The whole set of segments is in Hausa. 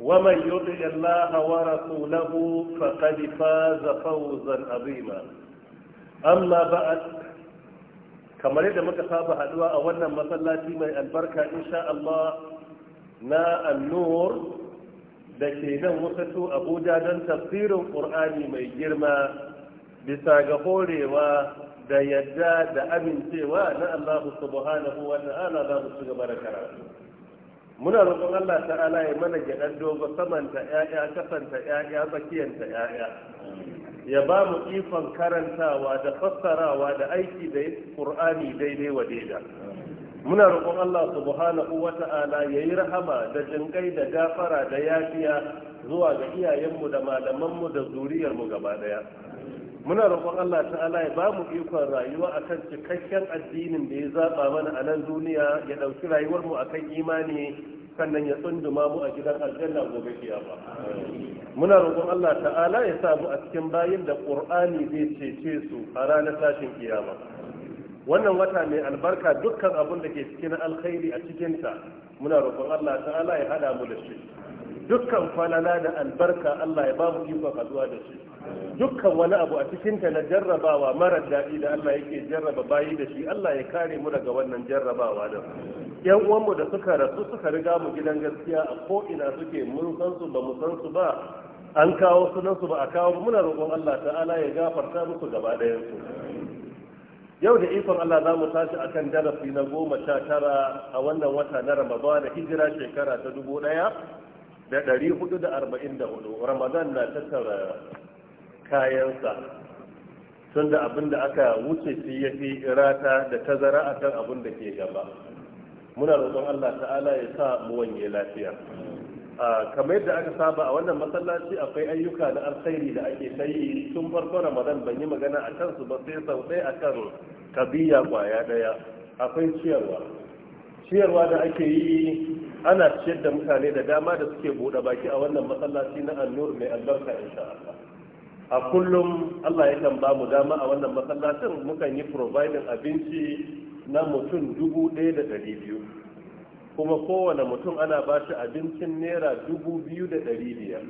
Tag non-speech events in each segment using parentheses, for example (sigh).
ومن يطع الله ورسوله فقد فاز فوزا عظيما أما بعد kamar yadda muka saba haduwa a wannan masallaci mai albarka insha Allah na annur da ke nan wasatu abuja don tafsirin ƙur'ani mai girma bisa ga horewa da yadda da amincewa na Allah subhanahu wa ta'ala za mu ci gaba da karatu muna roƙon Allah ta'ala ya mana gyaɗan dogo samanta ƴaƴa kasanta ƴaƴa tsakiyanta ƴaƴa ya ba mu ikon karantawa da fassarawa da aiki da Qur'ani daidai wa daida muna roƙon Allah subhanahu wa ta'ala ya yi rahama da jinƙai da gafara da yafiya zuwa ga iyayenmu da malamanmu da zuriyarmu gaba ɗaya muna roƙon Allah ta'ala ya ba mu ikon rayuwa akan cikakken addinin da ya zaɓa mana a nan duniya ya ɗauki rayuwar mu akan imani sannan ya tsunduma mu a gidan aljanna gobe kiyama muna roƙon Allah ta'ala ya sa mu a cikin bayin da Qur'ani zai cece su a ranar tashin kiyama wannan wata mai albarka dukkan abin da ke cikin alkhairi a cikinta muna roƙon Allah ta'ala ya hada mu da shi dukkan falala da albarka Allah ya ba mu ikon kaduwa da shi dukkan wani abu a cikin ta na jarrabawa mara daɗi da Allah yake jarraba bayi da shi Allah ya kare mu daga wannan jarrabawa da yan uwanmu da suka rasu suka riga mu gidan gaskiya a ko ina suke mun san su ba mu san su ba an kawo sunan su ba a kawo muna roƙon Allah ta'ala ya gafarta musu gaba ɗayan su yau da ikon Allah za mu tashi kan darasi na goma sha tara a wannan wata na Ramadan da hijira shekara ta dubu ɗaya da ɗari hudu da arba'in da hudu ramadan na tattara kayansa tun da abin da aka wuce shi ya fi rata da tazara a kan abin da ke gaba muna roƙon allah ta'ala ya sa mu wanye lafiya kamar yadda aka saba a wannan masallaci akwai ayyuka na alkhairi da ake ta yi tun farko ramadan ban yi magana a kansu ba sai sau ɗaya a kan kabiya kwaya ɗaya akwai ciyarwa ciyarwa da ake yi ana ciyar da mutane da dama da suke buɗe baki a wannan masallaci na annur mai albarka insha Allah a kullum Allah ya ba mu dama a wannan masallacin mukan yi providing abinci na mutum dubu ɗaya da ɗari biyu kuma kowane mutum ana ba shi abincin naira dubu biyu da ɗari biyar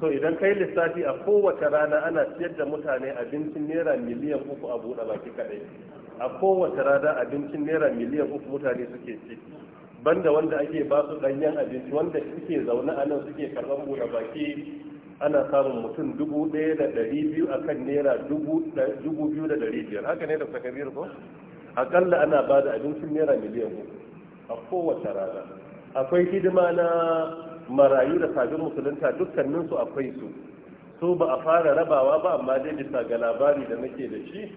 so idan kai lissafi a kowace rana ana ciyar da mutane abincin naira miliyan uku a buɗe baki kaɗai a kowace rana abincin naira miliyan uku mutane suke ciki banda wanda ake ba su danyen abinci wanda suke zaune a nan suke karɓar buɗe baki ana samun mutum dubu ɗaya da ɗari biyu a kan naira dubu biyu da ɗari biyar haka ne da kabir ko aƙalla ana ba da abincin naira miliyan uku a kowace rana akwai hidima na marayu da sabbin musulunta dukkaninsu akwai su su ba a fara rabawa ba amma dai bisa ga labari da nake da shi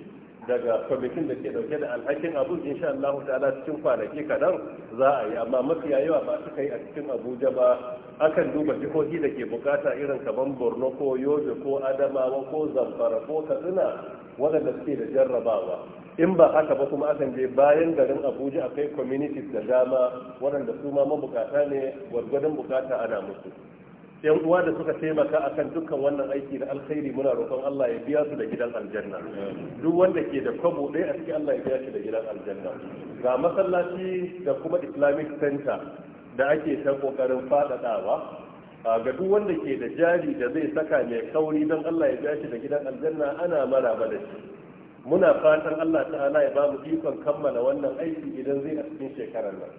daga kwamitin da ke dauke da alhakin abu insha Allah ta'ala cikin kwanaki kadan za a yi amma mafi yawa ba su kai a cikin Abuja ba akan duba jihohi da ke bukata irin kaman Borno ko Yobe ko Adamawa ko Zamfara ko Katsina waɗanda suke da jarrabawa in ba haka ba kuma akan je bayan garin Abuja akwai communities da dama waɗanda su ma mabukata ne gwargwadon bukata ana musu yan uwa da suka taimaka akan dukkan wannan aiki da alkhairi muna roƙon Allah ya biya su da gidan aljanna duk wanda ke da kwabo ɗaya a cikin Allah ya biya shi da gidan aljanna ga masallaci da kuma islamic center da ake ta kokarin faɗaɗawa ga duk wanda ke da jari da zai saka mai kauri don Allah ya biya shi da gidan aljanna ana maraba da shi muna fatan Allah ta'ala ya ba mu ikon kammala wannan aiki idan zai a cikin shekarar nan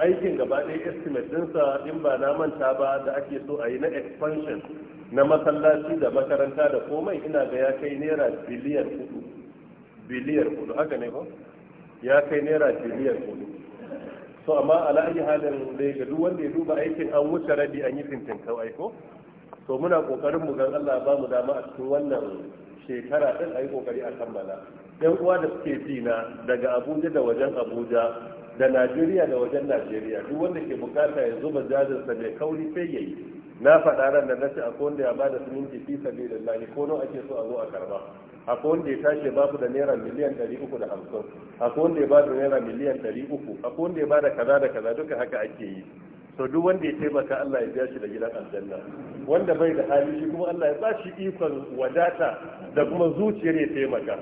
aikin gaba ɗaya estimate ɗinsa in ba na manta ba da ake so a yi na expansion na masallaci da makaranta da komai ina ga ya kai naira biliyan hudu biliyar hudu haka ne ba ya kai naira biliyar hudu so amma ala'ayi halin da ya duk wanda ya duba aikin an wuce rabi an yi fintin kawai ko so muna kokarin mu ga Allah ba mu dama a cikin wannan shekara din ayi kokari a kammala yan uwa da suke bi na daga Abuja da wajen Abuja da najeriya da wajen najeriya duk wanda ke bukata ya zuba jajinsa mai kauri sai ya yi na faɗa ran da nace akwai wanda ya bada siminti fi sabilillahi ko nawa ake so a zo a karba akwai wanda ya tashi babu da naira miliyan 350 akwai wanda ya bada naira miliyan 300 akwai wanda ya bada kaza da kaza duka haka ake yi so duk wanda ya taimaka Allah ya biya shi da gidan aljanna wanda bai da hali shi kuma Allah ya ba shi ikon wadata da kuma zuciyar ya taimaka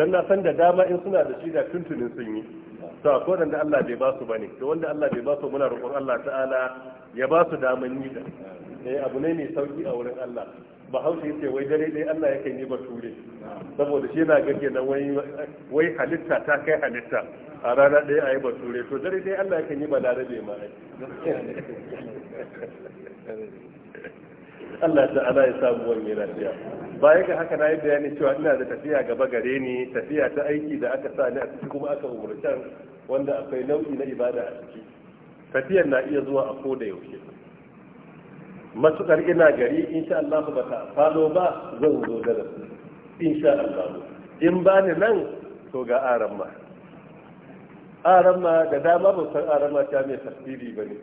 dan na san da dama in suna da shi da tuntunin sun yi to ko da Allah bai ba su bane to wanda Allah bai ba su muna roƙon Allah ta'ala ya ba su daman yi da eh abu ne mai sauki a wurin Allah bahaushe yace wai dare dai Allah ni yi bature saboda shi na gake nan wai wai halitta ta kai halitta a rana ɗaya a yi bature to dare dai Allah ni yi balarabe ma Allah ta'ala ya samu wani lafiya baya ga haka na yi bayani cewa ina da tafiya gaba gare ni tafiya ta aiki da aka sa ni a ciki kuma aka umurcan wanda akwai nau'i na ibada a ciki tafiyan na iya zuwa a ko da yaushe matukar ina gari insha Allah ba ta falo ba zan zo da insha Allah in ba ni nan to ga aramma. Aramma, da dama ba san aramma ta mai tafsiri ba ne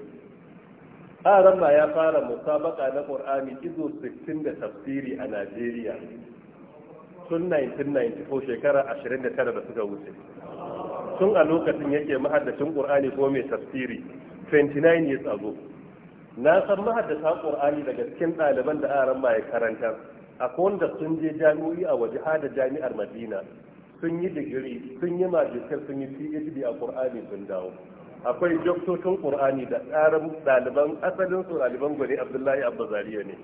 ma ya fara musabaka na Qur'ani izo 60 da tafsiri a Najeriya tun 1994 shekara 29 da suka wuce. Tun a lokacin yake mahaddacin Qur'ani ko mai tafsiri 29 years ago. Na san mahaddata Qur'ani daga cikin ɗaliban da aran ma ya karanta. Akwai wanda sun je jami'o'i a waje hada jami'ar Madina sun yi digiri sun yi majistar sun yi PhD a Qur'ani sun dawo. akwai doktocin qur'ani da tsarin ɗaliban asalin su ɗaliban gwani abdullahi abbazariya ne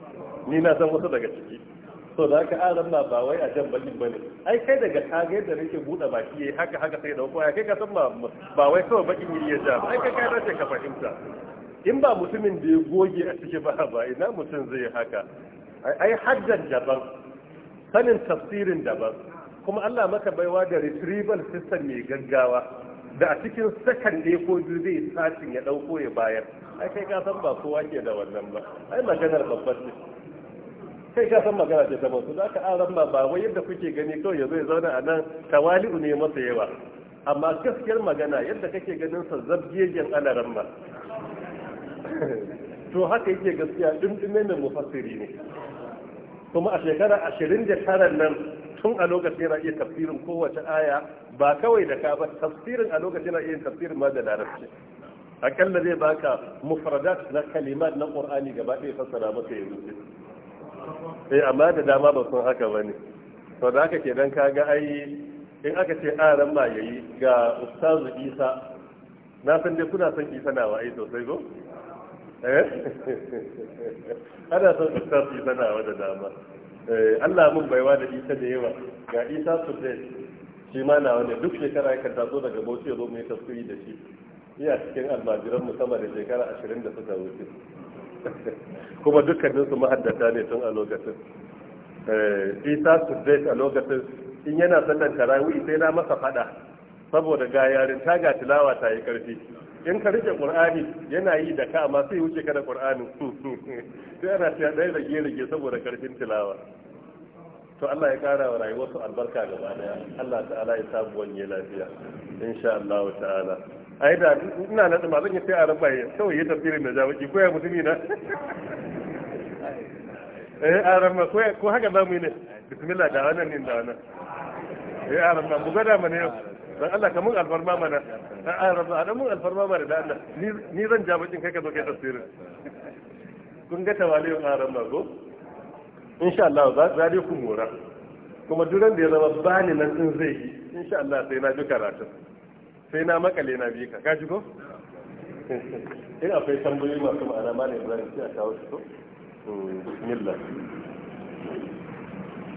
ni na san wasu daga ciki so da aka aran na ba wai a jan ba bane ai kai daga kaga yadda nake buɗe baki ya haka haka sai da ya kai ka san ba wai kawai bakin yi ya ja ba ai kai kai ce ka fahimta in ba mutumin da ya goge a cikin ba ba ina mutum zai haka ai haddan daban sanin tafsirin daban kuma Allah maka baiwa da retrieval system mai gaggawa da a cikin sakan da ko biyu zai sacin ya ɗauko ya bayar ai kai ka san ba kowa ke da wannan ba ai maganar babban ne kai ka magana ce ta masu za ka aran ba ba wai yadda kuke gani kawai ya zo zauna a nan tawali'u ne masa yawa amma gaskiyar magana yadda kake ganin sa zabgegen alaran ba (laughs) to haka yake gaskiya dimdime mai mufassiri ne kuma a shekara ashirin da taran nan tun a lokacin yana iya tafsirin kowace aya ba kawai da ka ba tafsirin a lokacin yana iya tafsirin ma da larabci akalla zai baka mufradat na kalimat na qur'ani gaba ɗaya fassara masa ya wuce eh amma da dama ba sun haka bane to da haka kenan kaga ai in aka ce aran ma yayi ga ustazu Isa na san dai kuna son Isa nawa ai sosai go eh (laughs) ana son ustazu Isa nawa da dama Eh, Allah mun baiwa da isa da yawa ga isa su shi ma na wani duk shekara yakan taso daga bauchi ya zo mai da shi iya cikin almajiran mu sama da shekara ashirin da suka wuce (laughs) kuma dukkanin su mahaddata ne tun a lokacin eh, isa su a lokacin in yana sanar tarawih sai na masa fada saboda ga yarin ga tilawa ta yi karfi in ka rike qur'ani yana yi da ka amma sai wuce ka da qur'ani (laughs) sai ana ta dai rage rage saboda karfin tilawa to Allah ya kara wa rayuwarsu albarka gaba daya Allah ta'ala ya samu wani lafiya insha Allah ta'ala ai da ina na tsama zan yi sai a raba ya sai ya tafsirin da jabaki ko ya mutumi na (laughs) eh a raba ko haka zamu yi ne bismillah da wannan ne da wannan eh a raba mu gada mu yau dan Allah ka mun alfarma mana a rabu a mun alfarma mana da Allah ni zan ja bakin kai ka zo kai tafsirin kun ga tawali a ran go insha Allah za za dai ku mora kuma duran da ya zama bani nan din zai yi insha Allah sai na ji karatu sai na makale na bi ka ka ji ko (laughs) in akwai tambayoyi masu ma'ana ma ne Ibrahim sai a kawo su to hmm, bismillah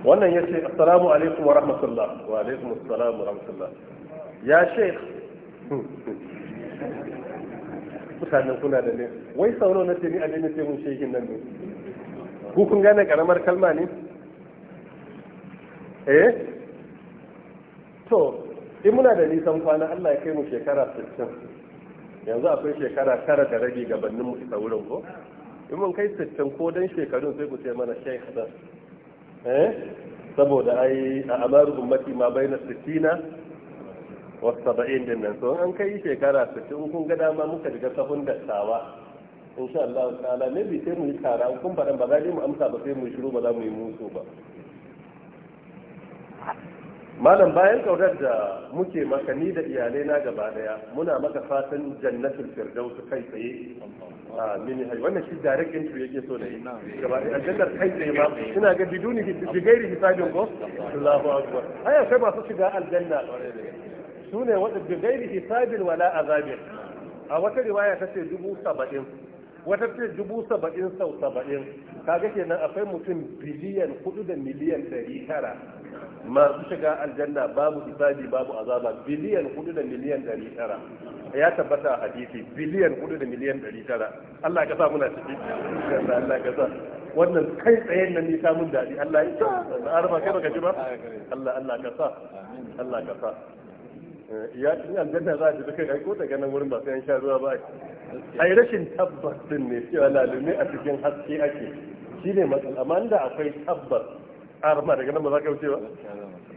wannan ya ce assalamu alaikum wa rahmatullah wa alaikum assalamu wa rahmatullah ya sheikh mutanen kuna da ne wai sauro na ce ni a daina ce mun shekin nan ne ku kun gane karamar kalma ne eh to in muna da nisan kwana Allah ya kai mu shekara 60 yanzu akwai shekara tara da rabi gabanin mu isa wurin ko in mun kai 60 ko dan shekarun sai ku ce mana sheikh da eh saboda ai a amaru ummati ma baina 60 wasu saba'in din nan so an kai shekara sittin kun ga dama muka riga sahun dattawa insha Allah ta'ala ne bi sai mu yi tara kun faɗan ba za mu amsa ba sai mu shiru ba za mu yi musu ba malam bayan kaudar da muke maka ni da iyalai na gaba daya muna maka fatan jannatul firdaus kai tsaye a mini hari wannan shi direct entry yake so da yi gaba daya jannar kai tsaye ba ina ga biduni bi gairi hisabin ko Allahu akbar ai ba masu shiga aljanna su ne wadda gairi hisabin wala azabin a wata riwaya ta ce dubu saba'in wata ce dubu saba'in sau saba'in kaga kenan akwai mutum biliyan kudu da miliyan ɗari tara masu shiga aljanna babu hisabi babu azaba biliyan kudu da miliyan ɗari tara ya tabbata a hadisi biliyan kudu da miliyan ɗari tara Allah ka sa muna ciki Allah ka sa wannan kai tsayen nan ni samun daɗi Allah ya sa arba kai baka ji ba Allah Allah ka sa Allah ka sa Eh, ya ci aljanna za a ji duka ko daga nan wurin ba sai ruwa ba ai rashin tabbas din ne cewa lalumi a cikin haske ake shine matsala amma da akwai tabbas arma daga nan ba za ka wuce ba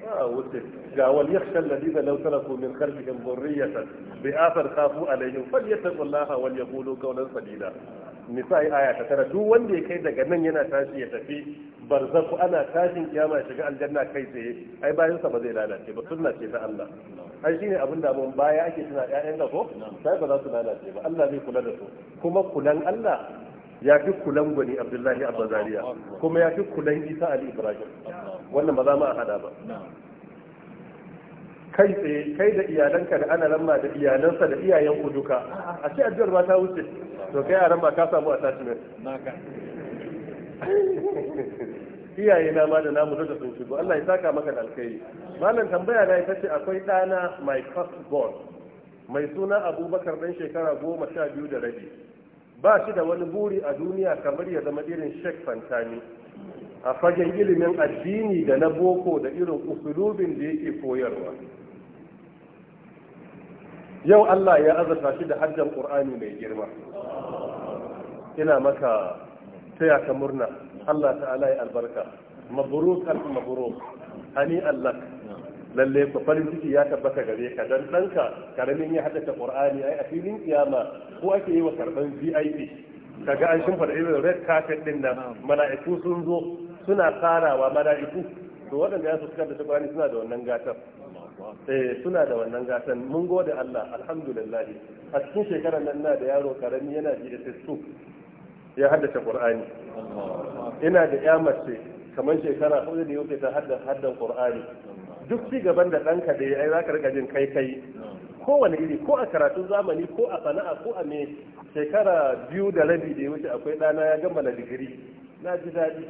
آه وتر قال وليخشى الذين لو تركوا من خلفهم ذرية بآثر خافوا عليهم فليتقوا الله وليقولوا قولا سديدا nisa'i aya ta tara duk wanda ya kai daga nan yana tashi ya tafi barzaku ana tashin kiyama shiga aljanna kai tsaye ai bayan sa ba zai lalace ba sunna ce ta Allah ai shine abin da mun baya ake tuna ƴaƴan ka ko sai ba za su lalace ba Allah zai kula da su kuma kulan Allah ya fi kulan gwani abdullahi abba zaria kuma ya fi kulan isa ali ibrahim wannan ba za mu a hada ba kai tsaye kai da iyalanka da ana ramma da iyalansa da iyayen ku a ce addu'ar ba ta wuce to kai a ramma ka samu a attachment iyaye na ma da namu da sun shigo Allah ya saka maka da alkhairi malam tambaya na ita ce akwai ɗana my first born mai suna abubakar dan shekara goma sha biyu da rabi ba shi da wani buri a duniya kamar ya zama irin shek fantani a fagen ilimin addini da na boko da irin usulubin da yake koyarwa yau Allah ya azurta shi da hajjan ƙur'ani mai girma ina maka taya ka murna Allah ta'ala ya albarka mabruk kan mabruk hani Allah lalle ku farin ciki ya tabbata gare ka dan ɗanka karamin ya ta qur'ani ai a filin kiyama ko ake yi wa karban vip kaga an shimfa da irin red carpet din nan mala'iku sun zo suna tsarawa mala'iku to waɗanda ya suka da qur'ani suna da wannan gatar eh suna da wannan gatan mun gode Allah alhamdulillah a cikin shekarar nan na da yaro karami yana da 2 ya haddace Qur'ani ina da ƴa mace kamar shekara ko da yake ta haddace haddan Qur'ani duk ci gaban da ɗanka da ya yi za ka riga jin kai kai kowane iri ko a karatun zamani ko a sana'a ko a me shekara biyu da rabi da ya wuce akwai ɗana ya gama na digiri na ji daɗi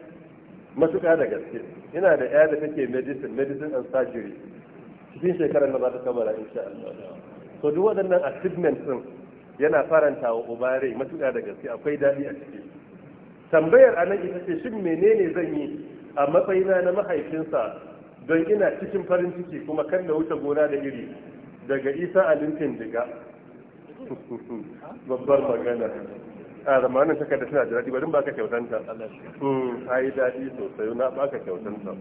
matuƙa da gaske ina da ɗaya da take medicine medicine and surgery cikin shekarar na za ta kamara insha Allah so duk waɗannan achievement ɗin yana faranta wa uba rai matuƙa da gaske akwai daɗi a ciki tambayar anan ita ce shin menene zan yi a matsayina na mahaifinsa don ina cikin farin ciki kuma kan na wuce gona da iri daga isa alintin diga (laughs) babbar magana a zamanin saka da suna da daɗi barin baka kyautanta a mm, yi daɗi sosai na baka kyautanta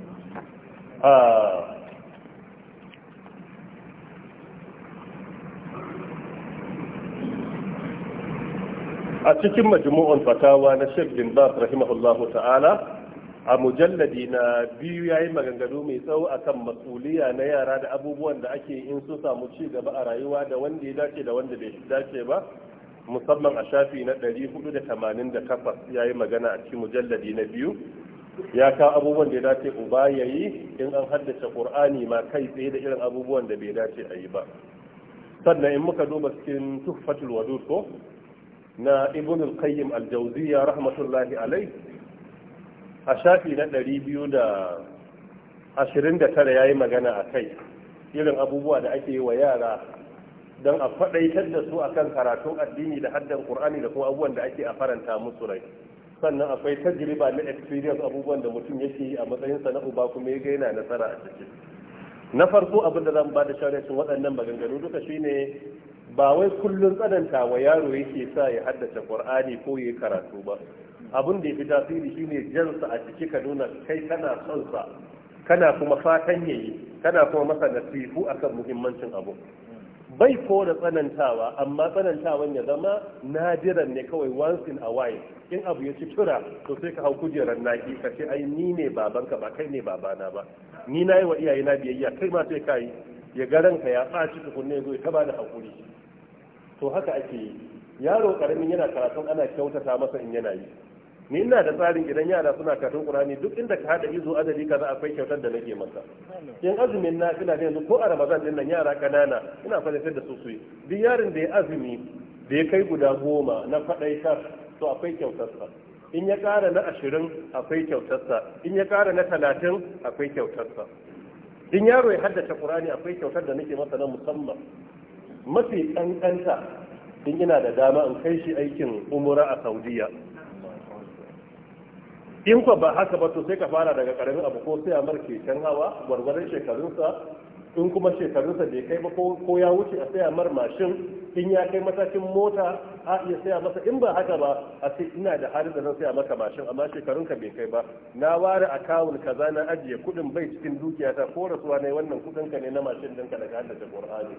a cikin majmu'un fatawa na Sheikh bin Baz rahimahullahu ta'ala a mujalladi na biyu ya yi maganganu mai tsawo akan masuliya na yara da abubuwan da ake in su samu ci gaba a rayuwa da wanda ya dace da wanda bai dace ba musamman a shafi na 488 ya yi magana a cikin mujalladi na biyu ya kawo abubuwan da ya dace uba ya yi in an haddace ƙur'ani ma kai tsaye da irin abubuwan da bai dace a yi ba sannan in muka duba cikin tuhfatul wadud ko na ibn qayyim al-jawziyya rahmatullahi alayhi a shafi na ɗari biyu da ashirin 229 ya yi magana a kai irin abubuwa da ake yi wa yara don a faɗaitar da su kan karatun addini da haddan ƙur'ani da kuma abubuwan da ake a faranta musu rai sannan akwai tajriba na experience abubuwan da mutum yake yi a matsayinsa na uba kuma ya gaina nasara a ciki na farko abin da zan ba da shawararcin waɗannan maganganu duka shine ba wai kullum tsananta wa yaro yake sa ya haddace Kur'ani ko ya karatu ba abin da ya fi tasiri shine jansa a ciki ka nuna kai kana son kana kuma fatan ya yi kana kuma masa nasihu akan muhimmancin abu bai ko da tsanantawa amma tsanantawan ya zama nadiran ne kawai once in a while in abu ya ci tura to sai ka hau kujerar naki ka ce ai ni ne babanka ba kai ne babana ba ni na yi wa iyaye na biyayya kai ma sai ka yi ya ga ranka ya ɓaci tukunne zo ya taba da hakuri to haka ake yi yaro karamin yana karatun ana kyautata masa in yana yi ni ina da tsarin idan yara suna karatun qur'ani duk inda ka hada izo adali kaza akwai kyautar da nake maka in azumin na ina da yanzu ko a ramadan din nan yara kanana ina fadatar da su su duk yarin da ya azumi da ya kai guda goma na fadaitar to akwai kyautar sa in ya kara na ashirin akwai kyautar sa in ya kara na talatin akwai kyautar sa in yaro ya haddace qur'ani akwai kyautar da nake masa na musamman mafi kankanta in ina da dama in kai shi aikin umura a saudiya in kwa ba haka ba to sai ka fara daga karamin abu ko sai a marke keken hawa gwargwaron shekarunsa in kuma shekarunsa bai kai ba ko ya wuce a saya mar mashin in ya kai matakin mota a iya saya masa in ba haka ba a sai ina da halin da zan saya maka mashin amma shekarunka bai kai ba na ware akawun kaza na ajiye kuɗin bai cikin dukiyata ko rasuwa ne wannan kuɗin ka ne na mashin ɗinka daga da Qur'ani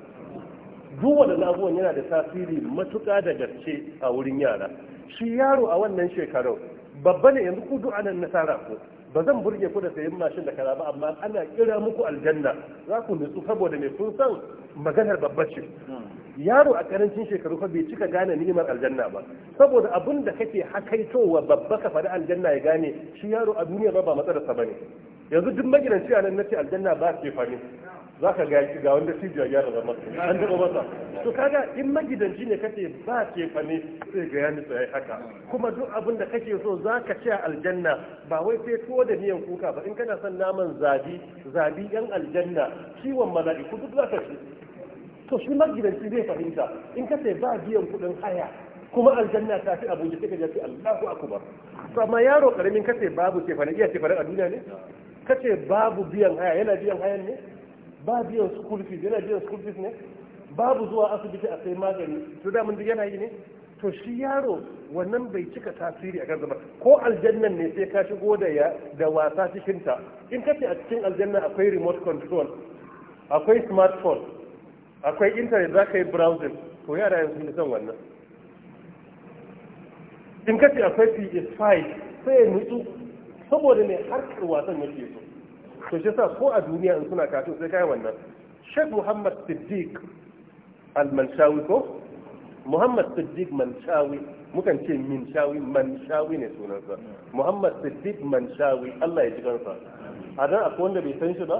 duk waɗannan abubuwan yana da tasiri matuƙa da gaske a wurin yara shi yaro a wannan shekarun babba ne yanzu ku du'a nan nasara ku ba zan burge ku da sayin mashin da kaza ba amma ana kira muku aljanna za ku nutsu saboda mai kun san maganar babba ce yaro a karancin shekaru fa bai cika gane ni'imar aljanna ba saboda abun da kake hakaitowa babba ka faɗi aljanna ya gane shi yaro a duniya ba ba matsalarsa ba ne yanzu duk magidanci a nan na ce aljanna ba ce fani za ka ga ga wanda cijo ya gyara zama an daga masa to kaga in magidanci ne kace ba ke fane sai ga ya haka kuma duk abin da kake so za ka ci aljanna ba wai sai tuwo da miyan kuka ba in kana son naman zabi zabi yan aljanna ciwon mala'iku duk za ka ci to shi magidanci zai fahimta in kace ba biyan kuɗin haya kuma aljanna ta fi abuja sai ka ji Allahu akbar to amma yaro karamin kace babu ce fane iya ce fa a duniya ne kace babu biyan haya yana biyan hayan ne ba biyan school fees yana biyan school fees ne babu zuwa asibiti a sai magani to da mun yana yi ne to shi yaro wannan bai cika tasiri a kansa ba ko aljannan ne sai ka shigo da ya da wasa cikin ta in ka ce a cikin aljanna akwai remote control akwai smartphone akwai internet za ka yi browsing to yara yanzu ne son wannan in ka ce akwai ps5 sai ya nutsu saboda ne harkar wasan yake so to shi sa ko a duniya in suna kafin sai kai wannan Sheikh Muhammad Siddiq Al-Manshawi ko Muhammad Siddiq Manshawi mukan ce min shawi man shawi ne sunansa Muhammad Siddiq Manshawi Allah ya ji kansa a dan akwai wanda bai san shi ba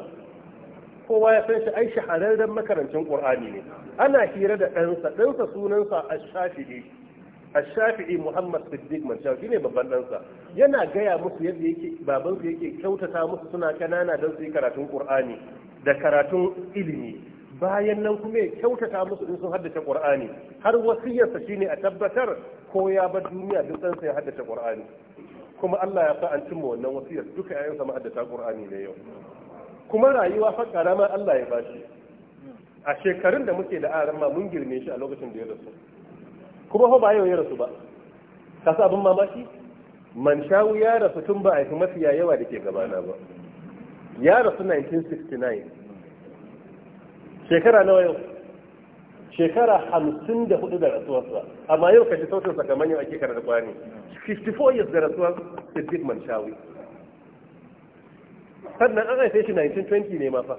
kowa ya san shi ai shahararren makarancin Qur'ani ne ana hira da ɗansa ɗansa sunansa Ash-Shafi'i الشافعي محمد صديق من شافعي ne babban dansa, yana gaya musu yadda yake baban su yake kyautata musu suna kanana don su yi karatun Qur'ani da karatun ilimi bayan nan kuma ya kyautata musu in sun haddace Qur'ani har wasiyarsa shine a tabbatar ko ya bar duniya duk ɗansa ya haddace Qur'ani kuma Allah ya sa an cimma wannan wasiyar duka yayin ma haddata Qur'ani ne yau kuma rayuwa fa karama Allah ya bashi a shekarun da muke da arama mun girme shi a lokacin da ya rasu kuma ba yau ya rasu ba kasu abin mamaki man shawu ya rasu tun ba a yi mafiya yawa da ke gabana ba ya rasu 1969 shekara nawa yau shekara hamsin da hudu da rasuwarsa amma yau kashe sautin sakamanyan ake karar kwani 54 years da rasuwar siddiq man Shawu. sannan an haife shi 1920 ne ma fa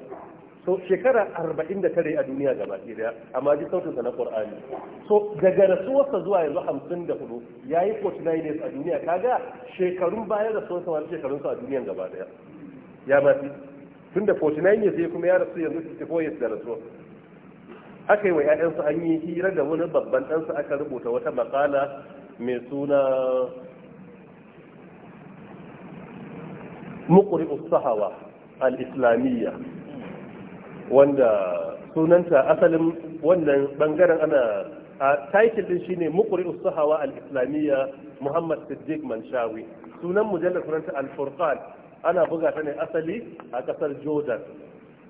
so shekara arba'in da tare a duniya gaba ɗaya amma ji sautinsa na ƙur'ani so daga rasuwarsa zuwa yanzu hamsin da hudu ya yi 49 years a duniya kaga shekarun bayan rasuwarsa wani shekarunsa a duniya gaba ɗaya ya ma fi tun da 49 years ya kuma ya rasu yanzu 64 years da rasuwa aka yi wa 'ya'yansu an yi hira da wani babban ɗansu aka rubuta wata maƙala mai suna muqri al-islamiyya wanda sunanta asalin wannan bangaren ana a title din shine muqri usahawa al-islamiyya Muhammad Siddiq Manshawi sunan mujallar sunanta al-Furqan ana buga ta ne asali a kasar Jordan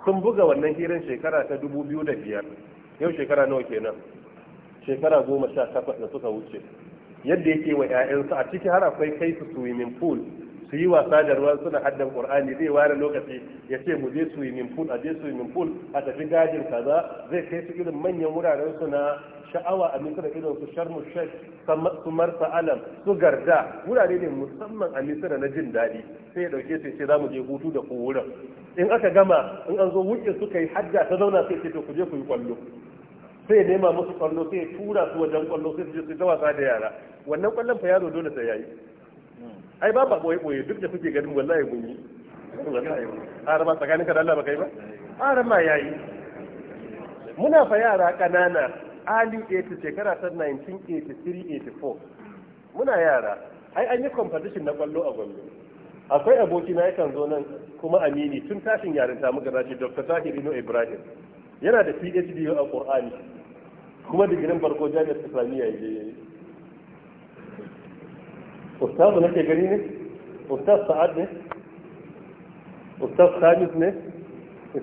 sun buga wannan hirar shekara ta 2005 yau shekara nawa kenan shekara goma sha takwas da suka wuce yadda yake wa 'ya'yansu a ciki har akwai kai su swimming pool su yi wasa da ruwan suna haddan qur'ani zai ware lokaci ya ce mu je swimming pool a je swimming pool a tafi gajin kaza zai kai su irin manyan wuraren su sha'awa a misira irin su sharmu shek su marsa alam su garda wurare ne musamman a misira na jin daɗi sai ya ɗauke su za mu je hutu da ku in aka gama in an zo wuce suka yi hajja ta zauna sai ce to ku je ku yi kwallo sai nema musu kwallo sai tura su wajen kwallo sai su je su ta wasa da yara wannan kwallon fa yaro dole sai yayi ai ba ba boye boye duk da kuke ganin wallahi mun yi tsakanin ka da Allah ba kai ba ma yayi muna fa yara kanana ali 80 shekara ta 1983 84 muna yara ai an yi competition na kwallo a Gombe akwai aboki na yakan zo nan kuma amini tun tashin ta muka zaci Dr. Tahir Ino Ibrahim yana da PhD a Qur'ani kuma digirin farko jami'ar Islamiyya yayi ustazu nake gani ne ustaz sa'ad ne ustaz khamis ne (laughs)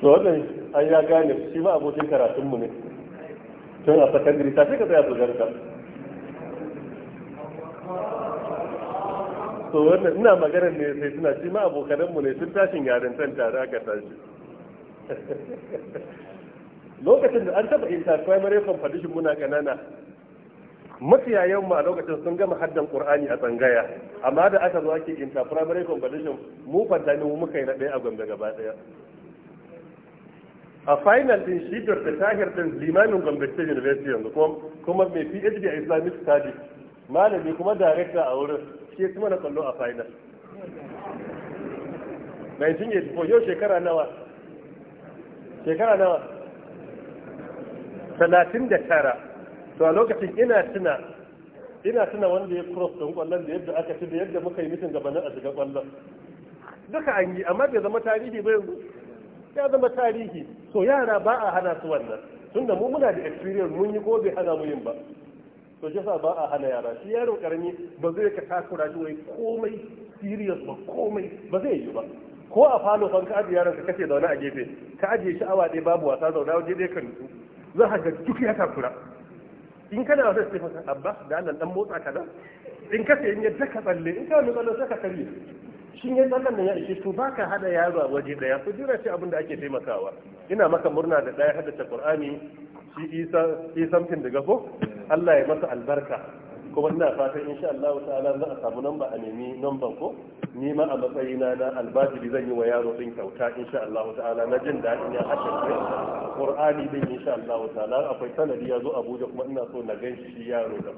to wannan an ya gane shi ma abokin karatunmu ne tun a sakandiri ta ka tsaya tsogarka to wannan ina maganar ne sai suna shi ma abokananmu ne sun tashin yarintan tare aka tashi (laughs) lokacin da an taɓa taba interprimary competition muna ƙanana. mafiyayen mu a lokacin sun gama haddan qur'ani a tsangaya amma da aka zo ake inter primary competition mu fanta ne mu muka yi na ɗaya a gombe gaba ɗaya a final din shi da tahir din limamin gombe state university yanzu kuma mai phd a islamic study malami kuma director a wurin shi ya mana kallo a final 1984 yau shekara nawa shekara nawa 39 to a lokacin ina tuna ina tuna wanda ya cross don kwallon da yadda aka ci da yadda muka yi mitin gabanin a shiga kwallon. duka an yi amma bai zama tarihi ba yanzu ya zama tarihi so yara ba a hana su wannan tunda mu muna da experience mun yi ko bai hana mu yin ba to shi ba a hana yara shi yaro karami ba zai ka takura shi wai komai serious ba komai ba zai yi ba ko a falo fan ka ajiye yaron ka kace zaune a gefe ka ajiye shi awa ɗaya babu wasa zauna waje ɗaya ka nutsu za ka ga duk ya takura in kana da sai fasa abba da Allah dan motsa ka da in ka sai in yadda ka tsalle in ka mu tsalle sai ka kare shin ya tsallan nan ya ishe to baka hada yaro a waje daya ku jira shi abin da ake taimakawa ina maka murna da daya hada ta Qur'ani shi isa shi something daga ko Allah ya masa albarka kuma ina fatan insha Allah ta'ala za a samu namba a nemi namban ko ni ma a matsayina na albajiri zan yi wa yaro din kyauta insha Allah ta'ala na jin daɗin ya haɗa kai Qur'ani din insha Allah ta'ala akwai sanadi ya zo Abuja kuma ina so na gan shi yaro da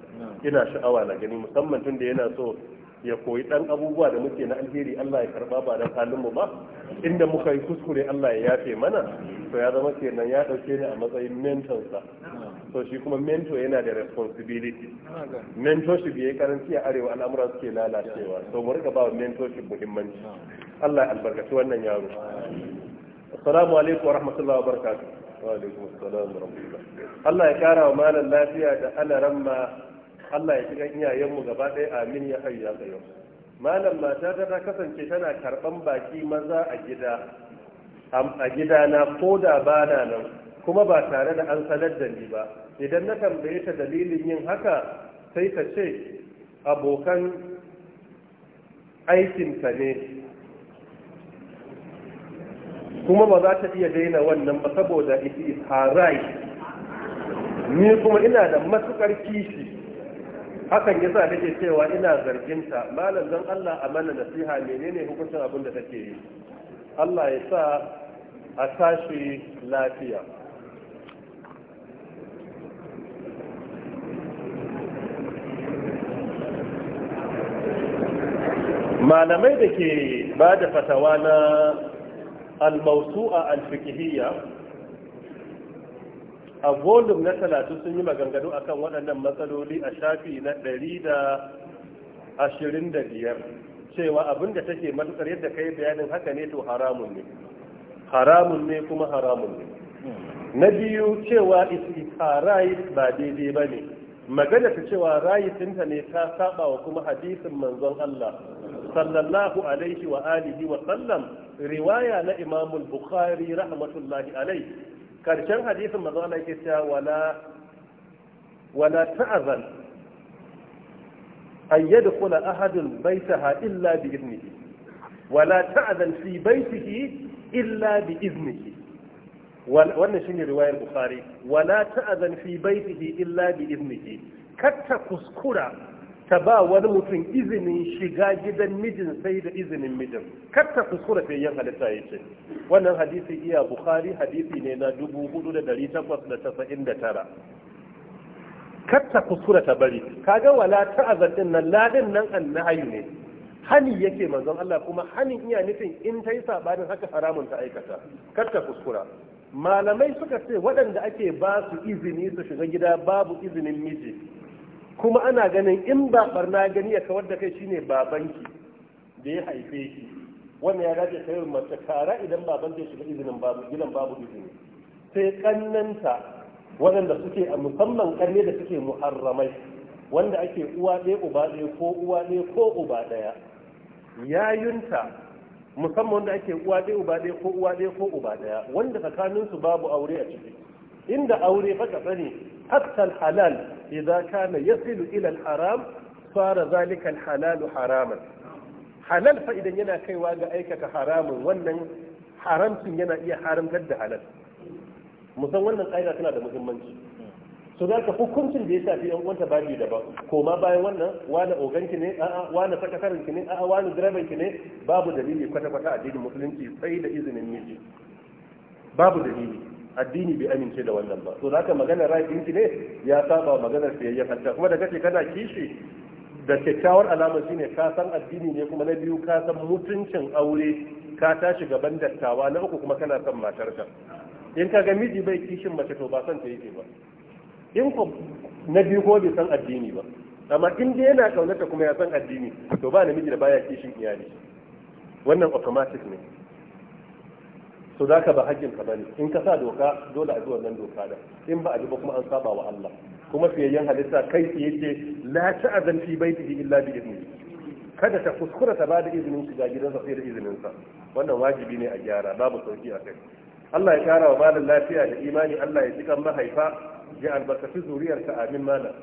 ina sha'awa na gani musamman tun da yana so ya koyi dan abubuwa da muke na alheri Allah ya karba ba da halin mu ba inda muka yi kuskure Allah ya yafe mana to ya zama kenan ya dauke ni a matsayin mentor sa so shi kuma mentor yana da responsibility mentorship yayi karanci a arewa al'amura suke lalacewa so mu rika ba mentorship muhimmanci Allah ya albarkaci wannan yaro assalamu alaikum wa rahmatullahi wa barakatuh wa alaikum assalam wa rahmatullah Allah ya kara wa malam lafiya da alaran ma Allah ya shiga iyayen mu gaba ɗaya amin ya kai ya qayyum malam mata ta kasance tana karban baki maza a gida a gidana ko da bana nan kuma ba tare da an sanar da ni ba idan na tambaye ta dalilin yin haka sai ta ce abokan aikinta ne kuma ba za ta iya daina wannan ba saboda it harai. ni kuma ina da matukar kishi hakan ya yasa nake cewa ina zarginta malam don Allah a mana nasiha menene hukuncin abin da take yi Allah ya sa a tashi lafiya malamai da ke ba da fatawa na a alfikihiyya a volume na talatu sun yi maganganu a kan waɗannan matsaloli a shafi na ɗari da ashirin da biyar cewa abin da take matuƙar yadda ka yi bayanin haka ne to haramun ne haramun ne kuma haramun ne na biyu cewa ita rayu ba daidai ba ne magana ta cewa tinta ne ta saba wa kuma hadisin manzon Allah sallallahu alaihi wa alihi wa sallam riwaya na Imam Bukhari rahmatullahi alaihi karshen hadisin manzo Allah yake cewa wala wala ta'zan an yadkhula ahadun baytaha illa bi idnihi wala ta'azan fi baytihi illa bi idnihi wannan shine riwayar bukhari wala ta'azan fi baytihi illa bi idnihi katta kuskura ta ba wani mutum izinin shiga gidan mijin sai da izinin mijin kar ta kuskura yin halitta ya ce wannan hadisi iya bukhari hadisi ne na 4899 kar ta kuskura ta bari kaga wala ta din nan ladin nan hayu ne hani yake manzon Allah kuma hanin iya nufin in ta yi sabanin haka haramun ta aikata kar ta kuskura malamai suka ce waɗanda ake ba su izini su shiga gida babu izinin miji kuma ana ganin in ba barna gani ya kawar da kai shine babanki da ya haife shi wannan ya dace sayar mace kara idan baban zai shiga izinin babu gidan babu izini sai kannanta waɗanda suke a musamman ƙarni da suke muharramai wanda ake uwa ɗaya uba ɗaya ko uwa ɗaya ko uba ɗaya yayunta musamman wanda ake uwa ɗaya uba ɗaya ko uwa ɗaya ko uba ɗaya wanda tsakaninsu babu aure a ciki inda aure baka sani حتى الحلال إذا كان يصل إلى الحرام صار ذلك الحلال حراما halal fa idan yana kaiwa ga aikata haramun wannan haramcin yana iya haramtar da halal musan wannan ƙa'ida tana da muhimmanci so ka hukuncin da ya shafi yan uwanta babi daban ko bayan wannan wani oganki ne a'a wani sakatarinki ne a'a wani direbanki ne babu dalili kwata-kwata addinin musulunci sai da izinin miji babu dalili addini bai amince da wannan ba to zaka magana rai din ki ne ya saba maganar siyayyen halitta kuma da kace kana kishi da kyakkyawar alama shine ka san addini ne kuma na biyu ka san mutuncin aure ka tashi gaban dattawa na uku kuma kana son matarka in ka ga miji bai kishin mace to ba san ta yake ba in ko na biyu ko bai san addini ba amma in dai yana kaunarta kuma ya san addini to ba namiji da baya kishin iyali wannan automatic ne to za ka ba haƙƙin ka bane in ka sa doka dole a bi wannan doka da in ba a bi ba kuma an saba wa Allah kuma fiyayyen halitta kai tsaye ce la ta'zan fi baitihi illa bi idni kada ta kuskura ta bada izinin shiga gidansa sai da izinin sa wannan wajibi ne a gyara babu sauki a kai Allah ya kara wa malam lafiya da imani Allah ya jikan mahaifa ya albarkaci zuriyarsa amin malam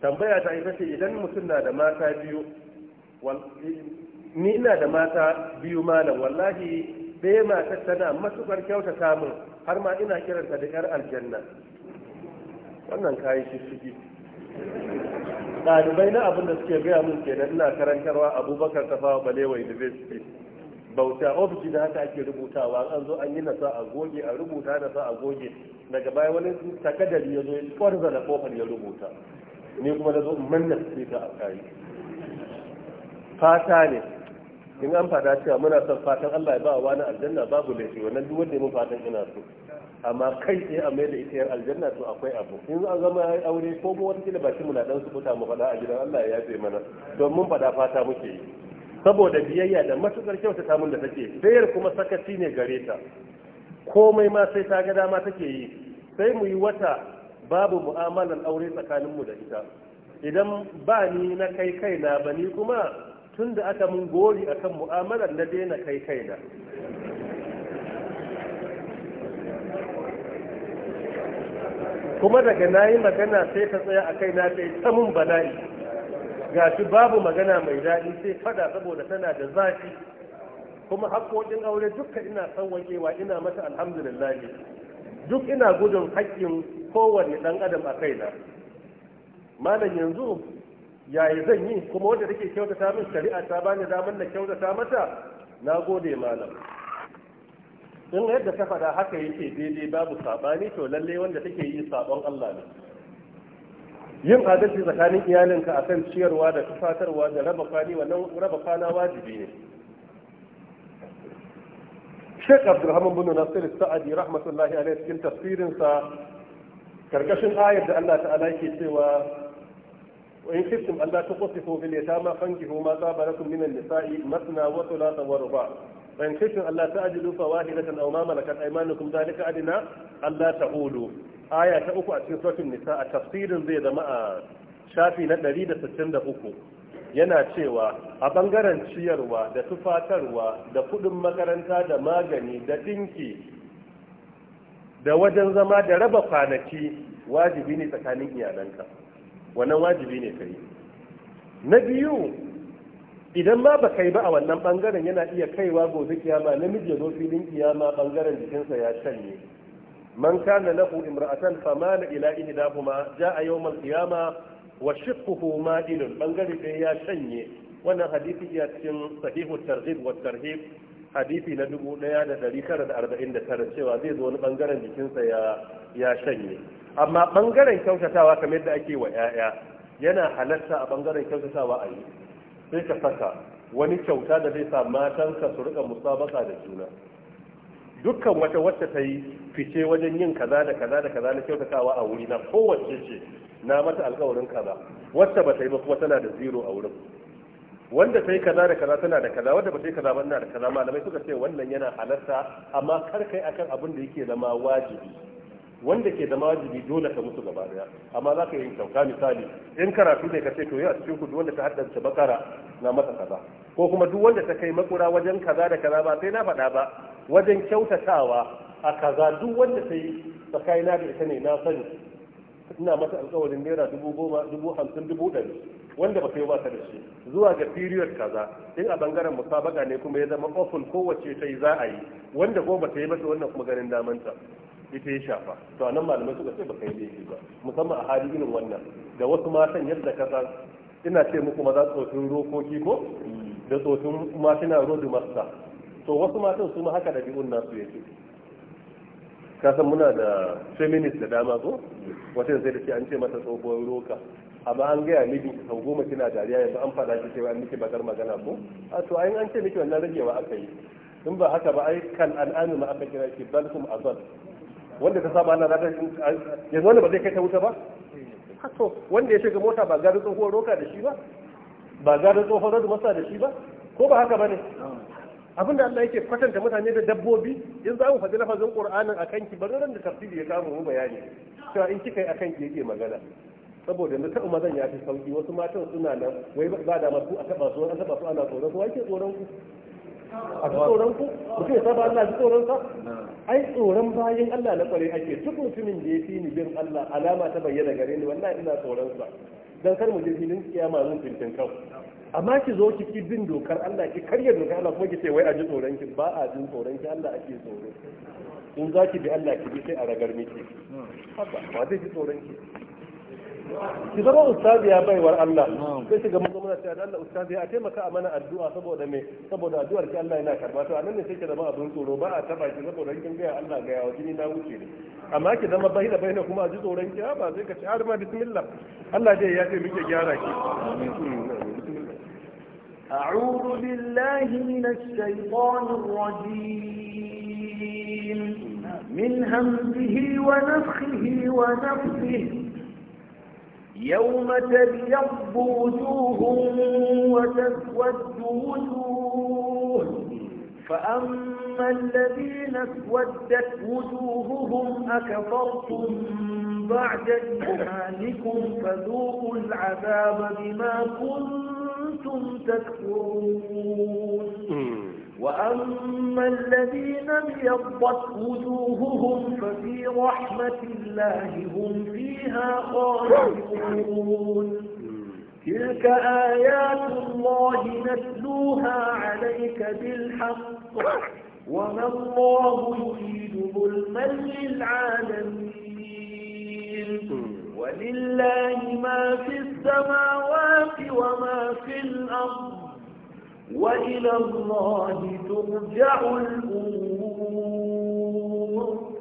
tambaya ta ita ce idan mutum na da mata biyu ni ina da mata biyu malam wallahi be matar tana matukar kyauta samun har ma ina kiranta da yar aljanna wannan kayi shi. ɗalibai na abin da suke gaya mun kenan ina karantarwa abubakar tafawa balewa university bauta ofishi da haka ake rubutawa an zo an yi nasa a goge a rubuta nasa a goge daga baya wani takadari ya zo ya kwarza da kofar ya rubuta ni kuma da zo manna su ta a kayi fata ne in an fada cewa muna son fatan Allah ya ba wa na aljanna babu laifi wannan duk wanda mun fatan ina so amma kai sai a mai da ita yan aljanna to akwai abu in a zama aure ko kuma wata kila baki muna dan su fita mu fada a gidan Allah ya yafe mana don mun fada fata muke yi saboda biyayya da matukar kyauta ta mun da take sayar kuma sakaci ne gare ta komai ma sai ta ga dama take yi sai mu yi wata babu mu'amalan aure tsakanin mu da ita idan ba ni na kai kaina ba ni kuma tun da aka mun gori akan mu'amalar na daina kai kai kaina kuma daga na yi magana sai ta tsaya a kai na ta yi samun bala'i ga shi babu magana mai daɗi sai fada saboda tana da zafi kuma haƙoƙin aure duka ina sauwaƙewa ina mata alhamdulillah duk ina gudun haƙƙin kowane ɗan adam a kaina malam yanzu yayi zan yi kuma wanda take kyautata min shari'a ta bani damar na kyautata mata na gode malam in yadda ta faɗa haka yake daidai babu saɓani to lalle wanda take yi saɓon Allah ne yin adalci tsakanin iyalinka akan ciyarwa da kafatarwa da raba kwani wannan raba kwana wajibi ne Sheikh Abdulrahman bin Nasir Sa'adi rahmatullahi alaihi cikin tafsirinsa karkashin ayar da Allah ta'ala yake cewa وإن خفتم ألا تقسطوا في اليتامى فانكحوا ما طاب لكم من النساء مثنى وثلاث ورباع وإن خفتم ألا تعدلوا فواحدة أو ما ملكت أيمانكم ذلك أدنى ألا تقولوا آية أخرى في سورة النساء تفصيل زي ما شافي na 163 yana cewa a bangaren ciyarwa da tufatarwa da kudin makaranta da magani da dinki da wajen zama da raba kwanaki wajibi ne tsakanin iyalanka wannan wajibi ne ka yi na biyu idan ma ba kai ba a wannan bangaren yana iya kaiwa gobe kiyama namiji ya zo filin kiyama bangaren jikinsa ya shanye man kana lahu imra'atan da ila ihdahuma jaa yawmal qiyama wa shiqquhu ma'ilun bangare ɗaya ya shanye wannan hadisi ya cikin sahihu targhib wa tarhib hadisi na 1949 cewa zai zo wani bangaren jikinsa ya ya shanye amma bangaren kyautatawa kamar yadda ake wa 'ya'ya yana halatta a bangaren kyautatawa a yi sai ka saka wani kyauta da zai sa matanka su rika musabaka da juna dukkan wata wacce ta yi fice wajen yin kaza da kaza da kaza na kyautatawa a wuri na kowace ce na mata alkawarin kaza wacce ba ta yi ba kuma tana da zero a wurin wanda ta yi kaza da kaza tana da kaza wanda ba ta yi kaza ba tana da kaza malamai suka ce wannan yana halarta amma kar kai akan abin da yake zama wajibi wanda ke da wajibi dole ka mutu gaba daya amma za ka yi kyauta misali in karatu ne ka ce to yi a cikin kudu wanda ta haddace bakara na masa kaza ko kuma duk wanda ta kai makura wajen kaza da kaza ba sai na faɗa ba wajen kyautatawa a kaza duk wanda ta yi na da ita ne na sani ina mata alkawarin naira dubu goma dubu hamsin dubu ɗari wanda ba kai ba ta da shi zuwa ga period kaza in a bangaren musabaka ne kuma ya zama ofin kowace ta yi za a yi wanda goma ta yi mata wannan kuma ganin damanta ita ya shafa to anan malamai suka ce baka yi laifi ba musamman a hali irin wannan da wasu matan yadda ka san ina ce muku maza tsofin rokoki ko da tsofin mashina road master to wasu matan su ma haka da bi'un nasu yake ka san muna da feminist da dama ko wata sai da ce an ce mata tsohuwar roka amma an gaya miki sau goma kina dariya yanzu an faɗa ki cewa an miki bakar magana ko a to ayin an ce miki wannan ragewa aka yi in ba haka ba ai kan al'amu ma aka kira ki balkum azal wanda ta saba Allah za ta yanzu wanda ba zai kai ta wuta ba to wanda ya shiga mota ba gari tsohuwar roka da shi ba ba gari tsohuwar rodu masa da shi ba ko ba haka bane abinda Allah yake kwatanta mutane da dabbobi in za mu faɗi lafazin Qur'anin akan ki bari ran da tafsiri ya kama mu bayani cewa in kika yi akan ki yake magana saboda na taɓa mazan ya fi sauki wasu matan suna nan wai ba da masu a taɓa su an taɓa su ana tsoron su ake tsoron ku a ji tsoron ku mutum ya saba Allah ji tsoron ka? ai tsoron bayan Allah na kware ake duk mutumin da ya fi ni bin Allah alama ta bayyana gare ni wallahi ina tsoron sa dan kar mu je filin kiyama mun fintin kau amma ki zo ki ki bin dokar Allah ki karya dokar Allah kuma ki ce wai a ji tsoron ki ba a jin tsoron ki Allah ake tsoro in za ki bi Allah ki bi sai a ragar miki haba ba zai ji tsoron ki ki zama ustaziya baiwar Allah sai shiga mun gwamnati ta Allah ustazi a taimaka a mana addu'a saboda me saboda addu'ar ki Allah yana karba to anan ne sai ki zama abin tsoro ba a taba ki saboda kin ga Allah ga yawa jini na wuce ne amma ki zama bai baina kuma a ji tsoron ki ah, ba sai ka ci har ma bismillah Allah dai ya ce muke gyara ki أعوذ بالله من الشيطان الرجيم من همزه ونفخه ونفخه يوم تبيض وجوه وتسود وجوه فأما الذين اسودت وجوههم أكفرتم بعد إيمانكم فذوقوا العذاب بما كنتم تكفرون وأما الذين ابيضت وجوههم ففي رحمة الله هم فيها خالدون تلك آيات الله نتلوها عليك بالحق وما الله يريد ظلما للعالمين ولله ما في السماوات وما في الأرض وإلى الله ترجع الأمور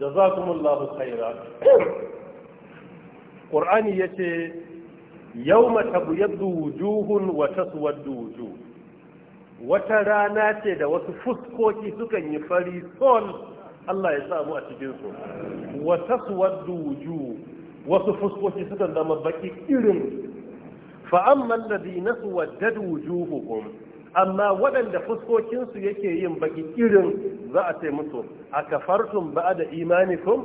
جزاكم الله خيرا قرآن يتي يوم تبيض وجوه وتسود وجوه wata rana ce da wasu fuskoki sukan yi fari sol Allah ya samu a cikinsu wata suwaddu wasu fuskoki sukan zama baki irin فأما الذين سودت hukum, amma waɗanda fuskokinsu yake yin baki irin za a ce musu a kafartum ba da imanikum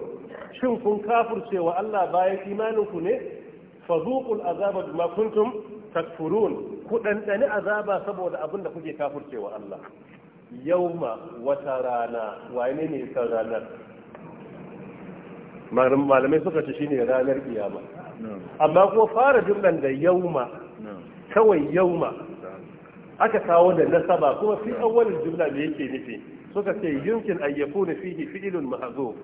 shin kun kafurcewa wa Allah bayan imaninku ne fazuqul azaba bima kuntum takfurun ku dandani azaba saboda abin da kuke kafurcewa wa Allah yauma wata rana wane ne kan ranar malamai suka ce shine ranar kiyama amma kuma fara jumlan da yauma kawai yauma aka kawo da nasaba kuma fi awwalin jumla me yake nufi suka ce yumkin an yakuna fihi fi'lun mahzuf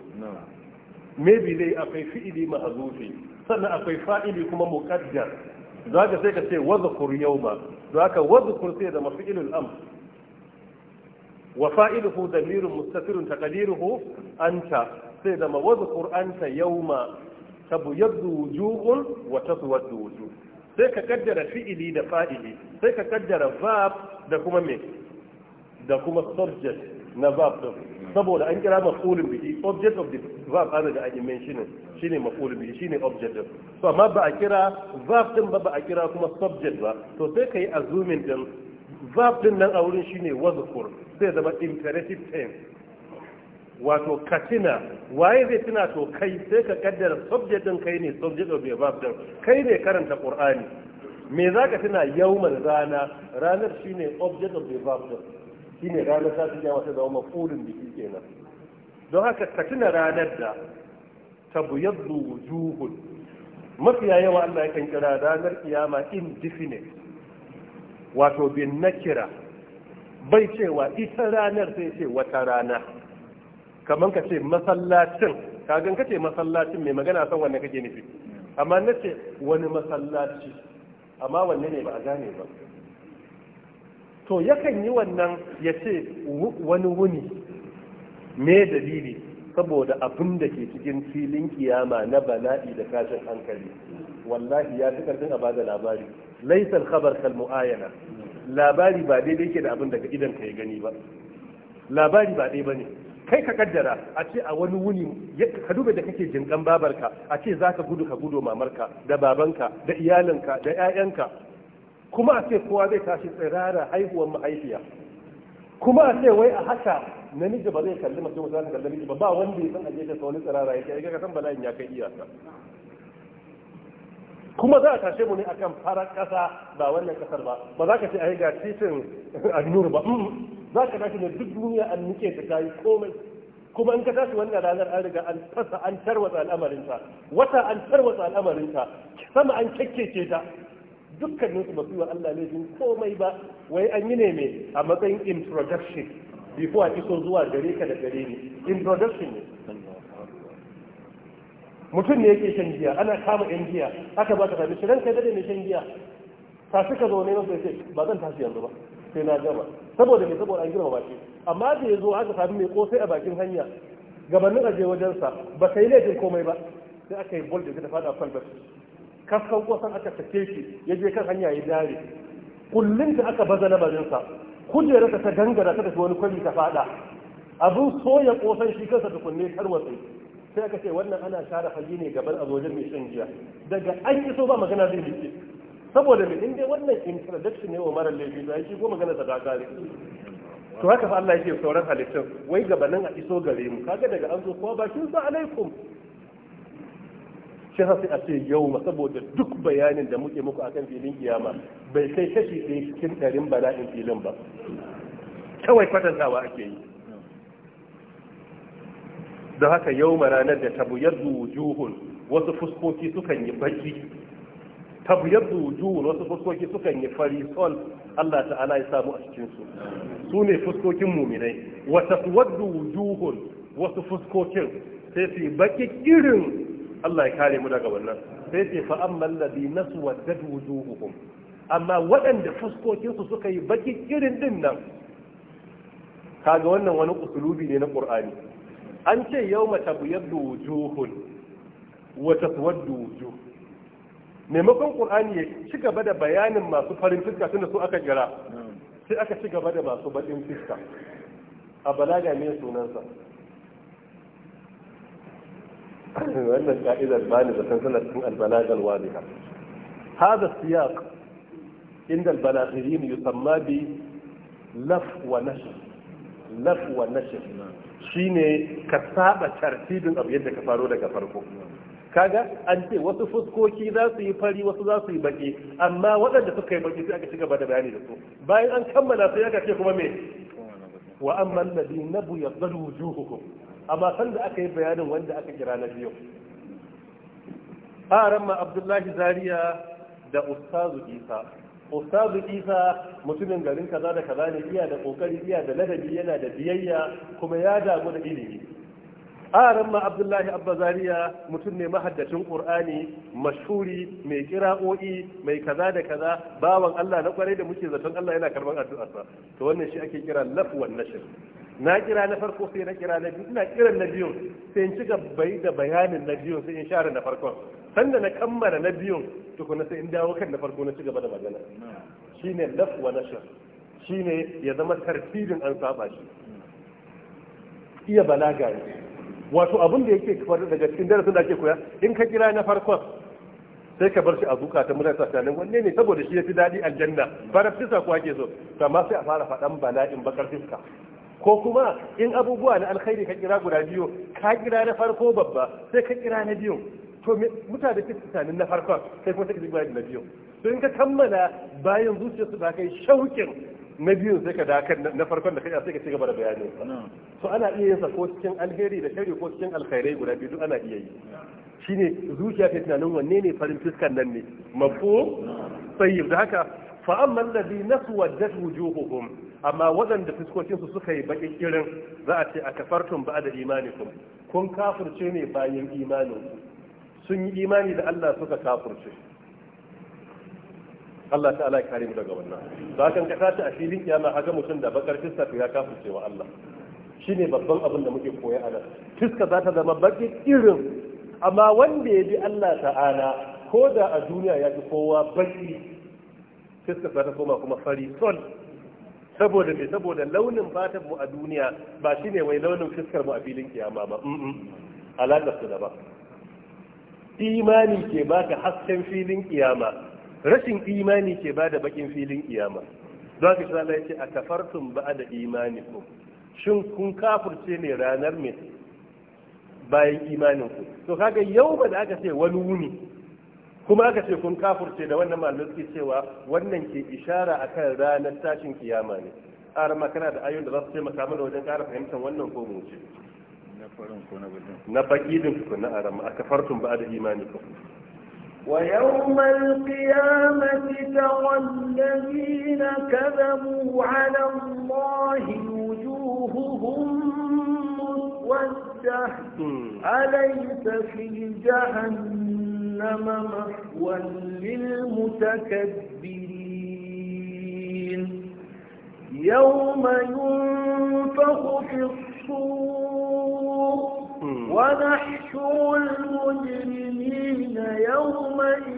maybe dai akwai fi'ili mahzufi sannan akwai fa'ili kuma muqaddar ka sai ka ce wadhkur yawma ka wadhkur sai da mafi'ilul amr wa fa'iluhu damirun mustatirun taqdiruhu anta sai da mawadhkur anta yawma tabyaddu wujuhun wa taswaddu wujuh sai ka kaddara fi'ili da fa'ili sai ka kaddara verb da kuma me da kuma subject na verb din saboda an kira maf'ulun bihi object of the verb ana da ake mentioning shine maf'ulun bihi shine object din to amma ba a kira verb din ba ba a kira kuma subject ba to sai kai assuming din verb din nan a wurin shine wazkur sai zama imperative tense wato katina waye zai tuna to kai sai ka kaddara subject din kai ne subject of your verb din kai ne karanta qur'ani me za ka tuna yawmal rana ranar shine object of the verb din shine ranar za ta ja wata zama mafulin biki kenan don haka katina ranar da tabyaddu wujuhun mafiya yawa Allah yakan kira ranar kiyama indefinite wato bin nakira bai cewa ita ranar sai ce wata rana kamar ka ce masallacin kagan ka ce masallacin mai magana san wanne kake nufi amma na ce wani masallaci amma wanne ne ba a gane ba to yakan yi wannan ya ce wani wuni me dalili saboda abin da ke cikin filin kiyama na bala'i da kashin hankali wallahi ya fi karfin a bada labari laisal khabar kal mu'ayana labari ba daidai ke da abin daga idan ka ya gani ba labari ba dai ne. kai ka kaddara a ce a wani wuni ka duba da kake jinkan babarka a ce za ka gudu ka gudu mamarka da babanka da iyalinka da 'ya'yanka kuma a ce kowa zai tashi tsirara haihuwar mahaifiya kuma a ce wai a haka namiji ba zai kalli mace wata kalli namiji ba ba wanda ya san aje ta wani tsirara yake ga san bala'in ya kai iyaka kuma za a tashe mu ne a kan farar kasa ba wannan kasar ba ba za ka ce ai ga titin annur ba mm. za ka tashi da duk duniya an nuke ta kayi komai kuma in ka tashi wannan ranar an riga an fasa an tarwatsa al'amarinta wata an tarwatsa ta sama an kekkece ta dukkanin su basu yi Allah ne komai ba wai an yi ne me a matsayin introduction before a iso zuwa gare ka da gare ni introduction ne mutum ne yake shan giya ana kama yan giya aka ba ka tafi shirin kai dade ne shan giya tashi ka zo ne mafi ba zan tashi yanzu ba sai na gama saboda mai saboda an girma baki amma da ya zo aka sami mai kosai a bakin hanya gabanin aje wajensa ba ka yi laifin komai ba sai aka yi bol da ta fada kwalbar kaskan kosan aka take shi ya je kan hanya ya dare kullum aka baza na barinsa, kujerarsa ta gangara ta tafi wani kwali ta fada abin soya kosan shi kansa kunne tarwatsai sai aka ce wannan ana share fage ne gaban a zojen mai shan giya daga an iso ba magana zai saboda mai inda wannan introduction ne wa mara laifi da shi ko magana ta ne. to haka fa Allah yake sauran halittun wai gaba nan a iso gare mu kaga daga an zo kuma bakin sa alaikum shi sai a ce yau saboda duk bayanin da muke muku akan filin kiyama bai kai kashi ɗaya cikin ɗarin bala'in filin ba kawai kwatantawa ake yi da haka yau ranar da tabu yadda wujuhun wasu fuskoki sukan yi baki tabyaddu wujuhun wasu fuskoki sukan yi fari sol Allah ta'ala ya samu a cikin su su ne fuskokin muminai wa taswaddu wujuhun wasu fuskokin sai su baki irin Allah ya kare mu daga wannan sai ce fa amman ladina suwaddat wujuhuhum amma waɗanda fuskokin su suka yi baki irin din nan kaga wannan wani usulubi ne na Qur'ani an ce yawma tabyaddu wujuhun wa taswaddu wujuhun maimakon qur'ani ya ci gaba da bayanin masu farin fuska tunda su aka jira sai aka ci gaba da masu baƙin fuska a balaga ne sunansa wannan ka'idar bani da sansanar cikin albalagal wadiha hada siyaq inda albalaghirin yusamma bi laf wa nashr laf wa nashr shine ka saba tartibin abu yadda ka faro daga farko kaga an ce wasu fuskoki za su yi fari wasu za su yi baki amma waɗanda suka yi baki sai aka ci gaba da bayani da su bayan an kammala sai aka ce kuma me wa amma ya buyaddu wujuhukum amma san da aka yi bayanin wanda aka kira na biyu aran ma abdullahi Zariya da ustazu isa ustazu isa mutumin garin kaza da kaza ne iya da kokari iya da ladabi yana da biyayya kuma ya damu da ilimi aran ma abdullahi abbazariya mutum ne mahaddacin qur'ani mashhuri mai kira'o'i mai kaza da kaza bawan Allah na kwarai da muke zaton Allah yana karban addu'arsa to wannan shi ake kira lafwan nashr na kira na farko sai na kira na biyu ina kiran na biyu sai in ci bai da bayanin na biyu sai in share na farkon sanda na kammala na biyu tukuna sai in dawo kan na farko na ci gaba da magana shine lafwa nashr shine ya zama tartibin an saba shi iya balaga ne wato abin da yake kafar daga cikin darasin da ake koya in ka kira na farkon sai ka bar shi a ta mutane sa tunanin wanne ne saboda shi ya fi daɗi aljanna farar fiska kuwa ke so amma sai a fara faɗan bala'in bakar fiska ko kuma in abubuwa na alkhairi ka kira guda biyu ka kira na farko babba sai ka kira na biyu to mutane ke tunanin na farkon sai kuma take zuwa na biyu to in ka kammala bayan zuciyarsu ba kai shaukin na biyun sai ka dakar na farkon da kai sai ka ci gaba da bayanin to ana iya yin sa ko cikin alheri da shari ko cikin alkhairai guda biyu ana iya yi shine zuciya ta tunanin wanne ne farin fiska nan ne mafhum tayyib da haka fa amma alladhi naswadat wujuhuhum amma waɗanda fiskokin su suka yi bakin kirin za a ce a kafartum ba'da imanikum kun kafirce ne bayan imanin sun yi imani da Allah suka kafirce Allah ta'ala ya kare mu daga wannan ba kan kasa ta a filin kiyama haka mutum da bakar fiska to ya kafirce wa Allah shine babban abin da muke koya a nan fiska za ta zama baki irin amma wanda ya bi Allah ta'ala ko da a duniya ya fi kowa baki fiska za ta koma kuma fari son saboda me saboda launin fatar mu a duniya ba shine wai launin fiskar mu a filin kiyama ba alaƙar su da ba imani ke baka hasken filin kiyama rashin imani ke bada bakin filin kiyama don haka shi Allah ya ce a da ba'da imanikum shin kun kafirce ne ranar me bayan imanin ku to kaga yau ba da aka ce wani wuni kuma aka ce kun kafurce da wannan malamai suke cewa wannan ke ishara akan ranar tashin kiyama ne ƙara makana da ayyun da za su taimaka mana wajen ƙara fahimtar wannan ko mu ce na baki din ku na aram aka fartun ba da imani ku ويوم القيامة ترى الذين كذبوا على الله وجوههم مسودة أليس في جهنم مثوى للمتكبرين يوم ينفخ في الصور Hmm. ونحشر المجرمين يومئذ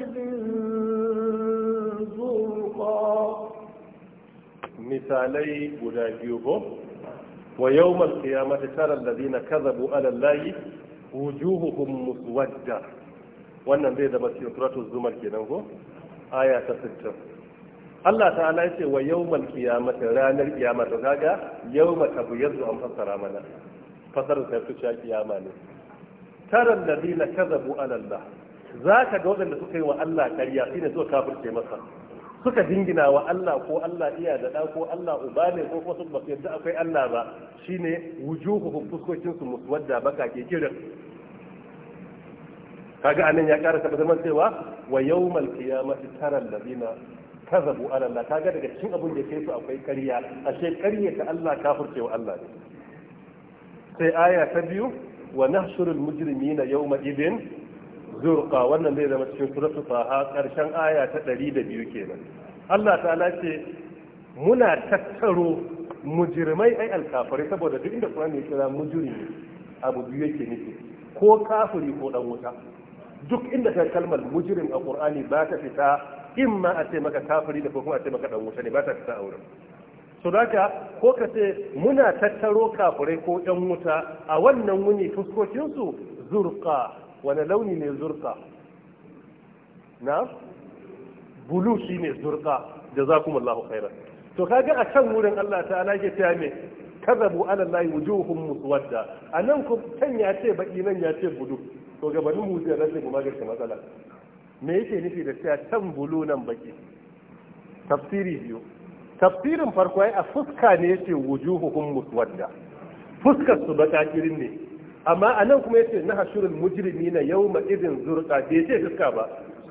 زرقا مثالي بلاجيوه ويوم القيامة ترى الذين كذبوا على الله وجوههم مسودة wannan zai zama cikin suratul zumar kenan ko aya ta 60 Allah ce wa ranar kiyama to kaga yawma tabyazzu an fassara mana fasar da su cewa kiyama ne taran ladina kazabu ala Allah zaka ga waɗanda suka yi wa Allah ƙarya shine suka kafirce masa suka dingina wa Allah ko Allah iya da ko Allah uba ne ko kuma su ba yadda akwai Allah ba shine wujuhuhum fuskokin su muswadda baka ke kiran kaga anan ya ƙara tabbatar man cewa wa yawmal qiyamati taral ladina kazabu ala Allah kaga daga cikin abun da ke su akwai ƙarya ashe ƙarya ta Allah kafirce wa Allah ne sai aya ta biyu wa nahshurul mujrimina yawma idin zurqa wannan zai zama cikin suratu taha karshen aya ta 102 kenan Allah ta'ala ce muna tattaro mujrimai ai alkafari saboda duk inda Qur'ani ya kira mujrimi abu biyu yake nufi ko kafiri ko dan wuta duk inda ta kalmar mujrim a Qur'ani ba ta fita imma a ce maka kafiri da kuma a ce maka dan wuta ne ba ta fita a wurin so daga ko ka ce muna tattaro kafirai ko ƴan wuta a wannan wuni fuskokinsu zurka wani launi ne zurka na bulu shi ne zurka Allahu khairan to kaga a can wurin Allah ta'ala ke ta me kazabu ala lahi wadda, a nan ku can ya ce baki nan ya ce bulu, to gabanin mu zai rasa kuma gaske matsala me yake nufi da cewa can bulu nan baki tafsiri biyu tafsirin farko ai a fuska ne yace wujuhuhum muswadda fuskar su baka kirin ne amma a nan kuma na yace na mujrimina yawma idin zurqa bai ce fuska ba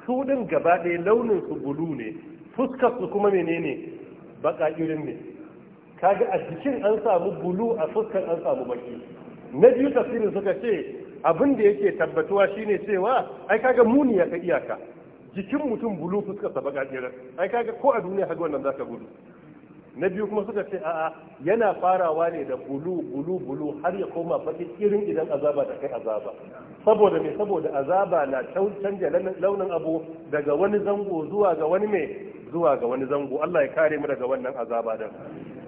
su din gaba ɗaya launin su bulu ne fuskar su kuma menene baka kirin ne kaga a jikin an samu bulu a fuskar an samu baki na biyu tafsirin suka ce abin da yake tabbatuwa shine cewa ai kaga muni ya ka iyaka jikin mutum bulu fuskar sa baka kirin ai kaga ko a duniya kaga wannan zaka gudu na biyu kuma suka ce a'a yana farawa ne da bulu bulu bulu har ya koma baki irin idan azaba da kai azaba saboda me saboda azaba na canja launin abu daga wani zango zuwa ga wani me zuwa ga wani zango Allah ya kare mu daga wannan azaba din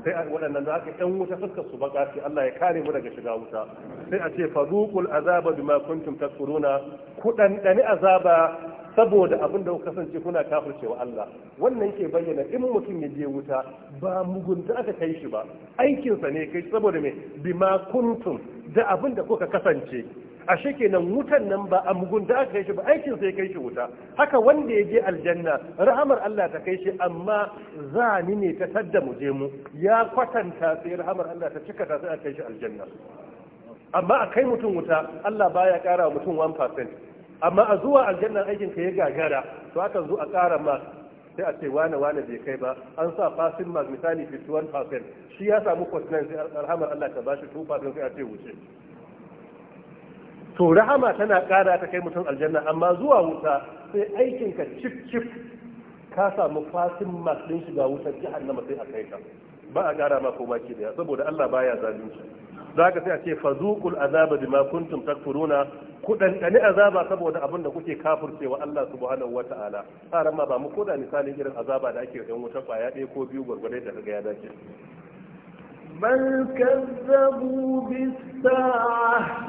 sai waɗannan za ɗan wuta suka su baka ce Allah ya kare mu daga shiga wuta sai a ce fadukul azaba bima kuntum tasuruna ku ɗanɗani azaba saboda abin da kuka kasance kuna kafircewa Allah wannan ke bayyana in mutum ya je wuta ba mugunta aka kai shi ba aikinsa ne kai saboda me bima kuntum da abin da kuka kasance ashe kenan wutan nan ba a mugunta aka kai shi ba aikin sai kai shi wuta haka wanda ya je aljanna rahamar Allah ta kai shi amma zani ne ta tadda mu je mu ya kwatanta sai rahamar Allah ta cika ta sai a kai shi aljanna amma a kai mutum wuta Allah baya kara mutum 1% amma a zuwa aljannan aikin ka ya gagara to akan zo a ƙara mark sai a ce wane wane bai kai ba an sa fasin mark misali 51% shi ya samu 49 sai alhamar Allah ta bashi 2% sai a ce wuce to rahama tana ƙara ta kai mutum aljanna amma zuwa wuta sai aikin ka cif cif ka samu fasin mark din shiga wutar jahannama sai a kai ka ba a ƙara ma koma ki daya saboda Allah baya zalunci zaka sai a ce fazuqul azaba bima kuntum takfuruna ku ɗanɗani azaba saboda abin da kuke kafurcewa Allah subhanahu wa ta'ala tsaran ma ba mu koda misalin irin azaba da ake yan wuta kwaya ɗaya ko biyu gwargwadai da kaga ya dace bal kazzabu bis sa'a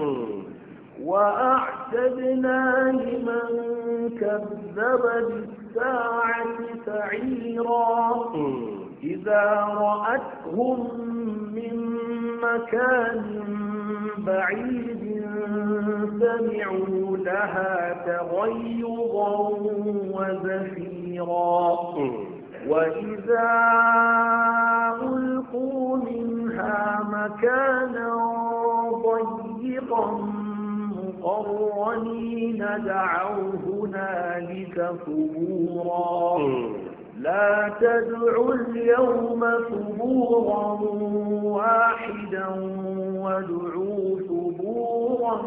وأعتدنا لمن كذب بالساعة سعيرا إذا رأتهم من مكان بعيد سمعوا لها تغيظا وزفيرا وإذا ألقوا منها مكانا ضيقا مقرنين دعوا هنالك ثبورا لا تدعوا اليوم ثبورا واحدا وادعوا ثبورا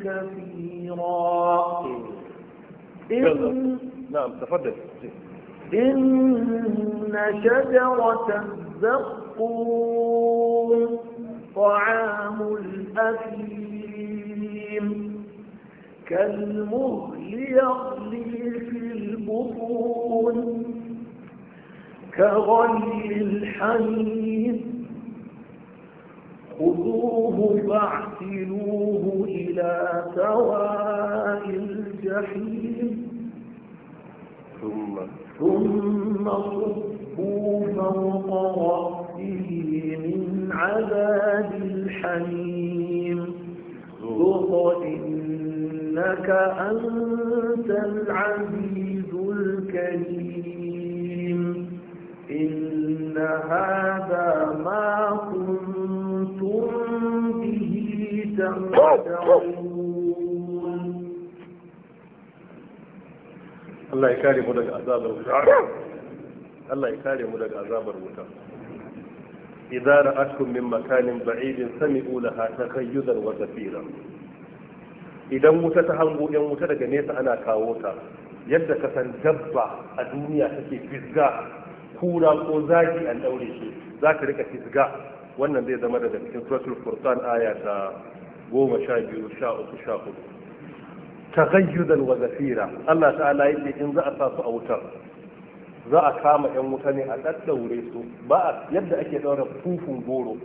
كثيرا نعم تفضل إن شجرة الزقوم طعام الأثيم كالمهل يغلي في البطون كغير الحميد خذوه فاعتلوه إلى سواء الجحيم ثم ثم صبوا فوق ربه من عذاب الحميم ذق إنك أنت العزيز الكريم إن هذا ما كنتم به تمتعون الله يكرم لك عذاب الوتر الله يكرم لك عذاب الوتر إذا رأتكم من مكان بعيد سمعوا لها تغيظا وزفيرا idan wuta ta hango yan wuta daga nesa ana kawo ta yadda ka san dabba a duniya take kura ko zaki an daure shi za ka rika fisga wannan zai zama daga cikin suratul furqan aya ta goma sha biyu sha uku sha hudu wa zafira Allah ta'ala yake in za a sa su a wutar za a kama yan wuta ne a daddaure su ba a yadda ake daura fufun goro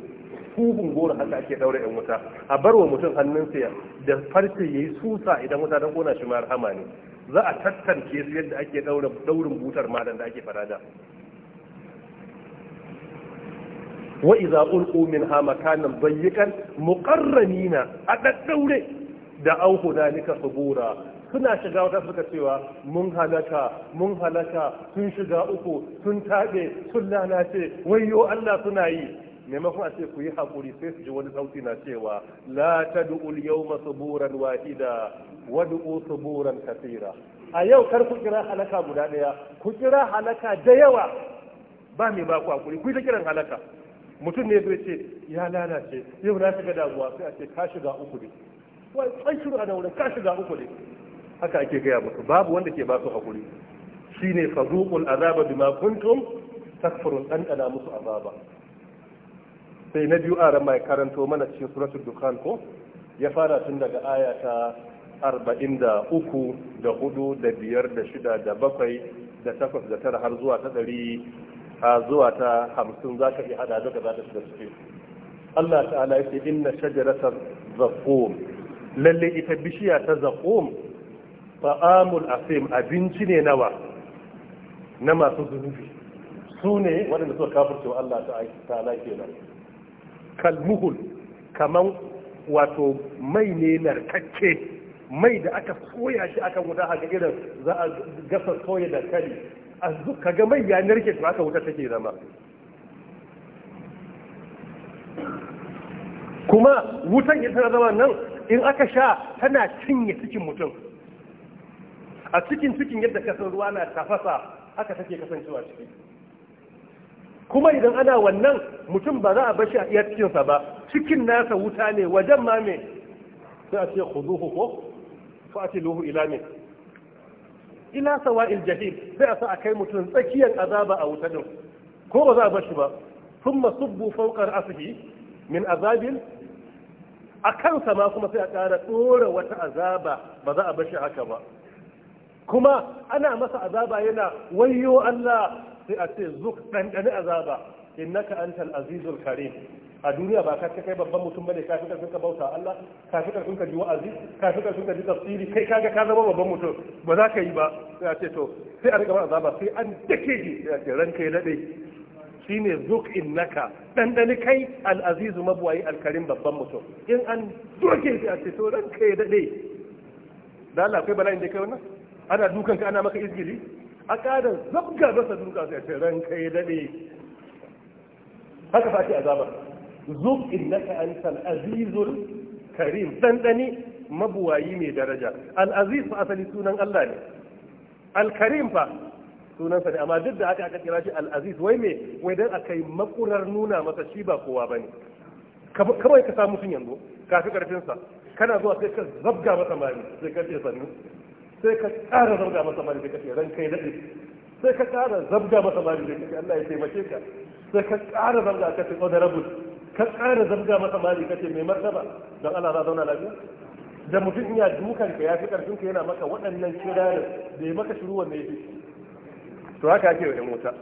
fufun goro haka ake daura yan wuta a bar wa mutum hannunsa da farce yayi susa idan wuta ta kona shi ma rahama ne za a tattance su yadda ake daura daurin butar madan da ake farada wa iza ulqu minha makanan dayyikan muqarranina a daddaure da au hunalika subura suna shiga wata suka cewa mun halaka mun halaka sun shiga uku sun tabe sun lalace wayyo Allah suna yi maimakon a ce ku yi haƙuri sai su ji wani sauti na cewa la tad'ul yawma suburan wahida wad'u suburan katira a yau kar ku kira halaka guda daya ku kira halaka da yawa ba mai ba ku hakuri ku yi ta kiran halaka mutum ne zai ce ya lalace yau na shiga damuwa sai a ce ka shiga uku ne wai an shiru a wurin ka shiga uku ne haka ake gaya musu babu wanda ke basu su hakuri shine fazuqul azaba bima kuntum takfurun dan dana musu azaba sai na biyu aran mai karanto mana cikin suratul dukhan ko ya fara tun daga aya ta arba'in da uku da hudu da biyar da shida da bakwai da takwas da tara har zuwa ta ɗari a zuwa ta hamsin za ka iya hada duka za ta shiga cikin Allah ta'ala ya ce inna shajaratar zakum lalle ita bishiya ta zakum ta'amul asim abinci ne nawa na masu zunubi su ne waɗanda suka kafirce wa Allah ta'ala kenan kalmuhul kaman wato mai ne narkakke mai da aka soya shi akan wuta haka irin za a gasa soya dankali a ka ga mai ya narke su aka wuta take zama kuma wutan ya tana zama nan in aka sha tana cinye cikin mutum a cikin cikin yadda kasar ruwa na tafasa haka take kasancewa ciki kuma idan ana wannan mutum ba za a bashi a iya cikinsa ba cikin nasa wuta ne wajen ma me sai a ce zuhu ko ce luhu ila me Ina sawa'il jahim sai a sa a kai mutum tsakiyar azaba a wuta din ko ba za a bar shi ba thumma subbu fawqa ra'sihi min azabin. a kansa ma kuma sai a ƙara ɗora wata azaba ba za a bar shi haka ba kuma ana masa azaba yana wayyo Allah sai a ce zuk ɗanɗani azaba innaka antal azizul karim a duniya ba ka kai babban mutum bane ka fi ka bauta Allah ka fi karfin ji wa'azi ka fi karfin ji tafsiri kai kaga ka zama babban mutum ba za ka yi ba sai a ce to sai a riga azaba sai an dake ji sai a ce ran kai dade shine zuk innaka dandani kai al-aziz mabwai al-karim babban mutum in an doke sai a ce to ran kai dade da Allah kai bala'in da kai wannan ana dukan ka ana maka izgili a kada zabga zasa duka sai a ce ran kai dade haka fa ce azabar zub innaka antal azizul karim dandani mabuwayi mai daraja al-aziz fa asali sunan Allah ne al-karim fa sunansa ne amma duk da aka aka kira shi al-aziz wai me wai dan akai makurar nuna masa shi ba kowa bane kawai ka samu sun yanzu kafi karfin sa kana zuwa sai ka zabga masa mari sai ka ce sannu sai ka tsara zabga masa mari sai ka ce ran kai dade sai ka tsara zabga masa mari sai ka ce Allah ya taimake ka sai ka tsara zabga ka ce honorable ka ƙara zarga masa mali kace mai martaba don Allah za zauna lafiya da mutum ya dukan ka ya fi karfin ka yana maka waɗannan kirarin da ya maka shiru wanda ya to haka ake wa wuta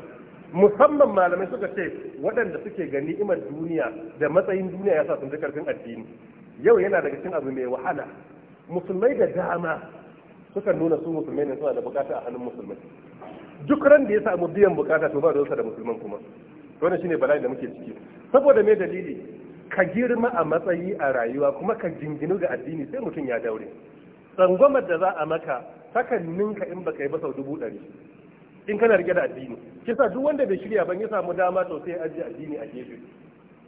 musamman malamai suka ce waɗanda suke gani ni'imar duniya da matsayin duniya ya sa sun ji karfin addini yau yana daga cikin abu mai wahala musulmai da dama suka nuna su musulmai ne suna da bukata a hannun musulmai duk ran da ya samu biyan bukata to ba da da musulman kuma wannan shine bala'in da muke ciki saboda me dalili ka girma a matsayi a rayuwa kuma ka jinginu ga addini sai mutum ya daure tsangwamar da za a maka takan ninka in baka yi ba sau dubu ɗari in kana rike da addini kisa duk wanda bai shirya ban ya samu dama to sai ajiye addini a gefe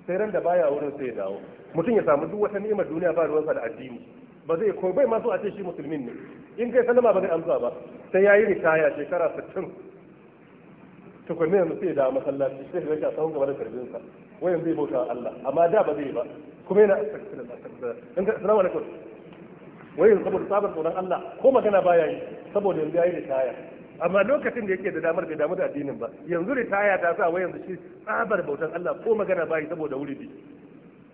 sai ran da baya wurin sai ya dawo mutum ya samu duk wata ni'imar duniya ba ruwansa da addini ba zai ko bai ma so a ce shi musulmin ne in kai sallama ba zai amsa ba sai yayi ritaya shekara 60 tukunni yanzu sai da masallaci sai da ka san gaba da karbin sa wayan zai bauta Allah amma da ba zai ba kuma yana astagfirullah in ka assalamu alaikum wayan saboda sabar tsoron Allah ko magana baya yi saboda yanzu yayi da ritaya amma lokacin da yake da damar bai damu da addinin ba yanzu ritaya ta sa wayan shi sabar bautan Allah ko magana baya yi saboda wuri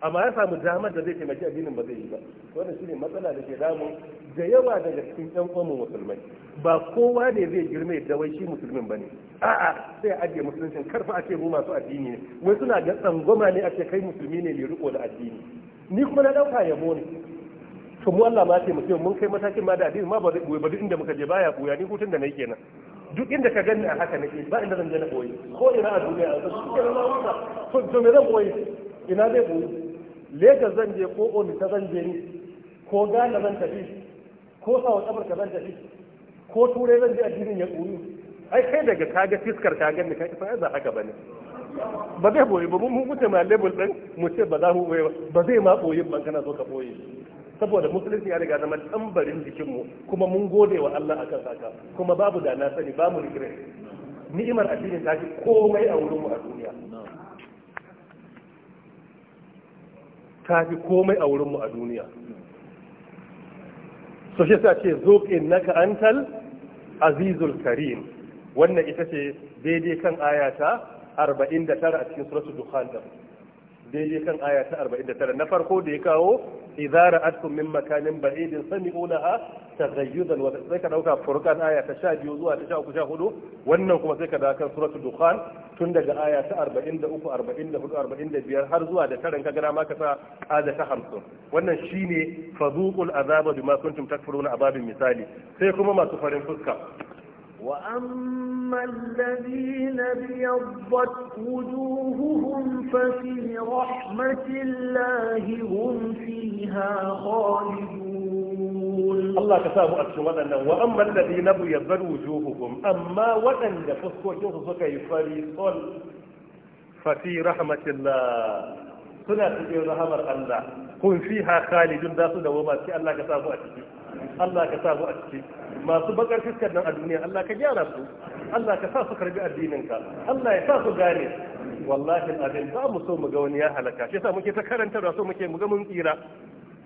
amma ya samu damar da zai taimaki addinin ba zai yi ba wannan shine matsala da ke damu da yawa daga cikin yan uwan musulmai ba kowa ne zai girme da wai shi musulmin bane a'a sai a ajiye musuluncin karfa ake mu masu addini ne wai suna ga tsangwama ne ake kai musulmi ne mai riko da addini ni kuma na dauka yabo ne to mu Allah ma ce mu mun kai matakin ma da addini ma ba ba duk inda muka je baya koya ni hutun da nake kenan duk inda ka gani a haka nake ba inda zan je na koyi ko ina a duniya a zan to me zan koyi ina zai koyi Legas zan je ko ta zan je ni ko Ghana zan tafi ko South Africa zan tafi ko Turai zan je addinin ya tsuru ai kai daga kaga fiskar ka gani kai san za haka bane ba zai boye ba mun wuce ma label din mu ce ba za mu boye ba zai ma boye ban kana so ka boye saboda musulunci ya riga zama tambarin jikinmu kuma mun gode wa Allah akan saka kuma babu da na sani ba mu rigire ni'imar addinin ta fi komai a wurin mu a duniya ta fi komai a wurinmu a duniya so shi sa ce zoƙin naka antal azizul karim wannan ita ce daidai kan ayata 49 a cikin suratul dukhan da daidai kan aya ta 49 na farko da ya kawo idza ra'atkum min makanin ba'idin sami'u laha wa sai ka dauka furqan aya ta 12 zuwa ta 13 wannan kuma sai ka dawo kan suratul dukhan tun daga aya ta 43 44 45 har zuwa da karin ka gara ma ka sa aya ta 50 wannan shine fadhuqul azaba bima kuntum takfuruna ababin misali sai kuma masu farin fuska وأما الذين بيضت وجوههم ففي رحمة الله هم فيها خالدون الله كتابه أكشوانا وأما الذين بيضت وجوههم أما وأن يفسكوا جوهك يفريصون ففي رحمة الله سنة رحمة الله هم فيها خالدون ذات دوما الله كتابه أكشوانا Allah ka sa mu a ciki masu bakar fiskar nan a duniya Allah ka gyara su Allah ka sa su karbi addininka. Allah ya sa su gane wallahi alazim ba mu so mu ga wani ya halaka shi yasa muke ta da so muke mu ga mun tsira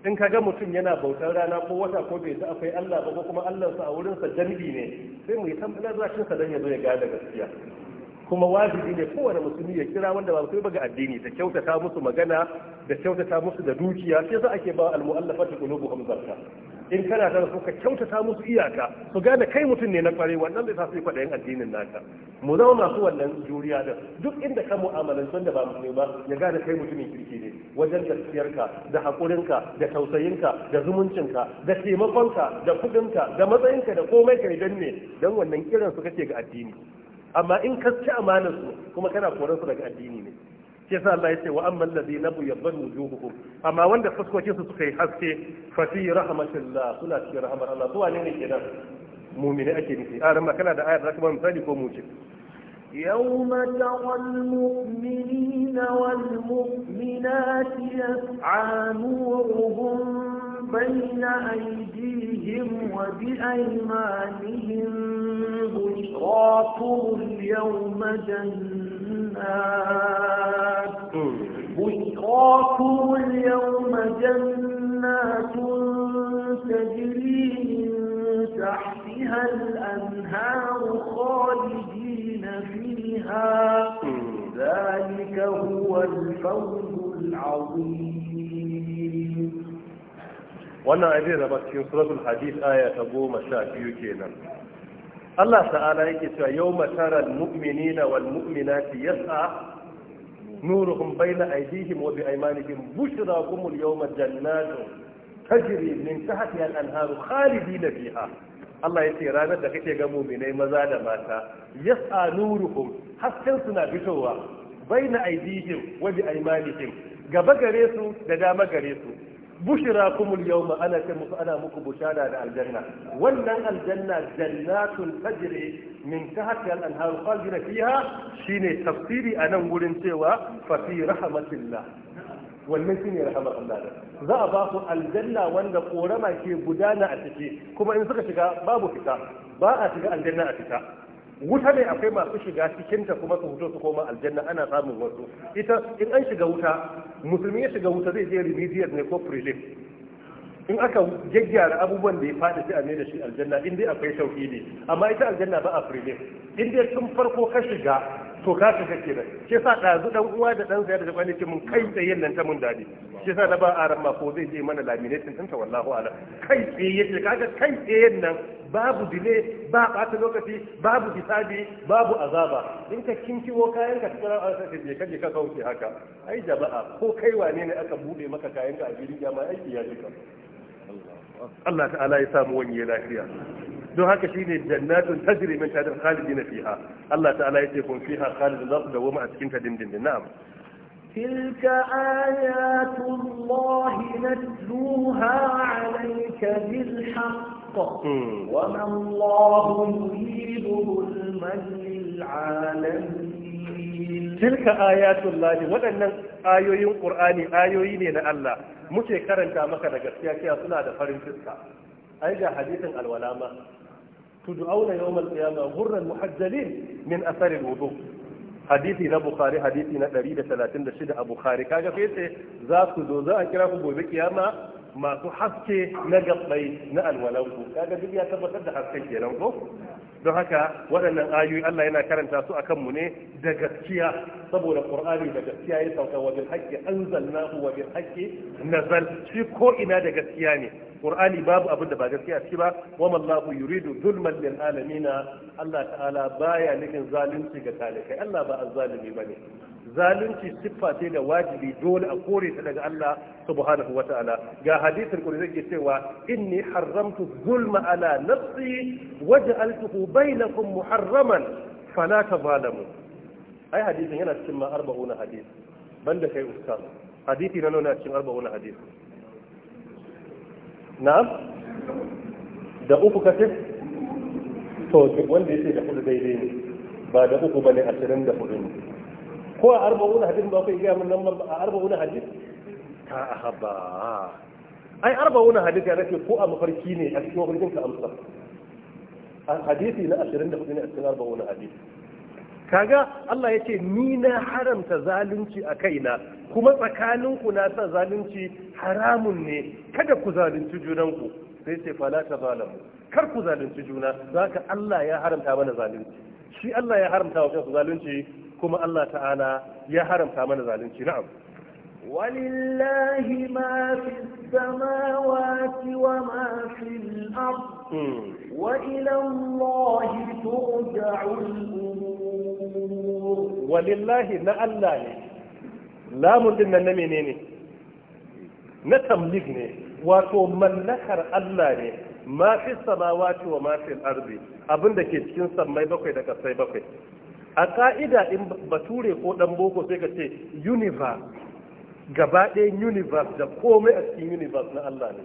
in ka ga mutum yana bautar rana ko wata ko bai ta akwai Allah ba ko kuma Allah sa a sa jambi ne sai mu yi tambayar sa dan ya zo ya gada gaskiya kuma wajibi ne kowane musulmi ya kira wanda ba su ba ga addini da kyautata musu magana da kyautata musu da dukiya sai za ake ba al-mu'allafatu qulubuhum zakka in kana tare su ka kyautata musu iyaka su gane kai mutum ne na kware wannan zai sa su yi kwaɗayin addinin naka mu zama masu wannan juriya da duk inda ka mu'amalan san da ba mu ba ya gane kai mutumin kirki ne wajen gaskiyarka da haƙurinka da tausayinka da zumuncin ka, da taimakon ka, da kuɗinka da matsayinka da komai kai dan ne dan wannan kiran su kake ga addini amma in ka ci amanar su kuma kana koran su daga addini ne shi yasa Allah yace wa amman ladina buyabbal wujuhuhum amma wanda fuskokin su suka yi haske fa fi rahmatillah suna fi rahmar Allah to wane ne kenan mu'mini ake nufi a ran kana da ayar zaka ba misali ko mu ce يوم ترى المؤمنين والمؤمنات يسعى نورهم بين أيديهم وبأيمانهم بشراكم اليوم جنة الناس بشراكم اليوم جنات تجري من تحتها الأنهار خالدين فيها ذلك هو الفوز العظيم wannan abin da cikin suratul hadith aya ta goma sha biyu kenan Allah ta'ala yake cewa yawma taral mu'minina wal mu'minati yas'a nuruhum bayna aydihim wa bi aymanihim bushrakum al yawma jannatu tajri min tahtiha al anharu khalidina fiha Allah ya ce ranar da kake ga muminai maza da mata yas'a nuruhum hasken suna fitowa baina aidihim wa bi aymanihim gaba gare su da dama gare su bushira kuma yau ana ce muku ana muku bushara da aljanna wannan aljanna jannatun tajri min tahtiha al-anhar khalidina fiha shine tafsiri anan gurin cewa fa fi rahmatillah wannan shine rahmar Allah za a ba su aljanna wanda korama ke gudana a ciki kuma in suka shiga babu fita ba a shiga aljanna a fita wuta ne akwai masu shiga cikinta kuma su fito su koma aljanna ana samun wasu ita in an shiga wuta musulmi ya shiga wuta zai je remedial ne ko prelim in aka gyaggyara abubuwan da ya faɗi sai a ne da shi aljanna in dai akwai shauki ne amma ita aljanna ba a prelim in dai tun farko ka shiga to ka ka kake da shi yasa ɗazu dan uwa da dan sayar da kwani ce mun kai tsaye nan ta mun dadi shi yasa na ba aran ma ko zai je mana laminating ta wallahu ala kai tsaye yace kaga kai tsaye nan babu dile ba ɓata lokaci babu hisabi babu azaba in ka kinkiwo kayan ka cikin ran ka je kaje ka kauce haka ai jama'a ko kai wane ne aka bude maka kayan ka a jirgin ma aiki ya jika Allah ta'ala ya samu wani lafiya don haka shine jannatun tajri min tahtiha khalidin fiha Allah ta'ala yace kun fiha khalidun za su dawoma a cikin ta dindindin na'am تلك آيات الله نتلوها عليك بالحق وما الله يريد ظلما للعالمين تلك آيات الله waɗannan ayoyin Qur'ani ayoyi ne na Allah muke karanta maka da gaskiya suna da farin fuska ai ga hadisin alwalama, tu du'auna yawmal qiyamah ghurran muhajjalin min athari alwudu hadisi na bukhari hadisi na 136 a bukhari kaga fete za ku zo za a kira ku gobe kiyama masu haske na gabbai na alwalanku kaga duk ya tabbatar da hasken kenan ko don haka waɗannan ayoyi Allah yana karanta su akan mu ne da gaskiya saboda Qur'ani da gaskiya ya sauka wa bil haqqi anzalnahu wa bil haqqi nazal shi ko ina da gaskiya ne Qur'ani babu abin da ba gaskiya shi ba wa mallahu yuridu zulman lil alamin Allah ta'ala baya nufin zalunci ga talikai Allah ba azzalimi bane zalunci siffa ce da wajibi dole a kore ta daga Allah subhanahu wata'ala ga hadisin kuri zai cewa inni haramtu zulma ala nafsi waj'altuhu bainakum muharraman fala tazalamu ai hadisin yana cikin ma 40 hadis banda kai ustaz hadisi na nuna cikin 40 hadis na'am da uku kace to wanda yake da kudu daidai ne ba da uku bane 24 ne ko a arba'una hadis ba ku gaya min nan a arba'una hadis ta ahaba ai arba'una hadis ya nake ko a mafarki ne a cikin mafarkin ka amsa hadisi na 24 ne a cikin arba'una hadis kaga Allah yace ni na haramta zalunci a kaina kuma tsakaninku na sa zalunci haramun ne kada ku zalunci junanku sai sai fala ta zalamu kar ku zalunci juna zaka Allah ya haramta mana zalunci shi Allah ya haramta wa kansa zalunci kuma Allah ta'ala ya haramta mana zalunci na'am ولله ما في السماوات وما في الأرض وإلى الله ترجع الأمور ولله نألا لا مدن نمينيني ne. wato mallakar Allah ne ma fi samawati wa ma fi al-ardi abinda ke cikin sammai bakwai da kasai bakwai a ka'ida in bature ko dan boko sai ka ce universe gabaɗayan universe da komai a cikin universe na Allah ne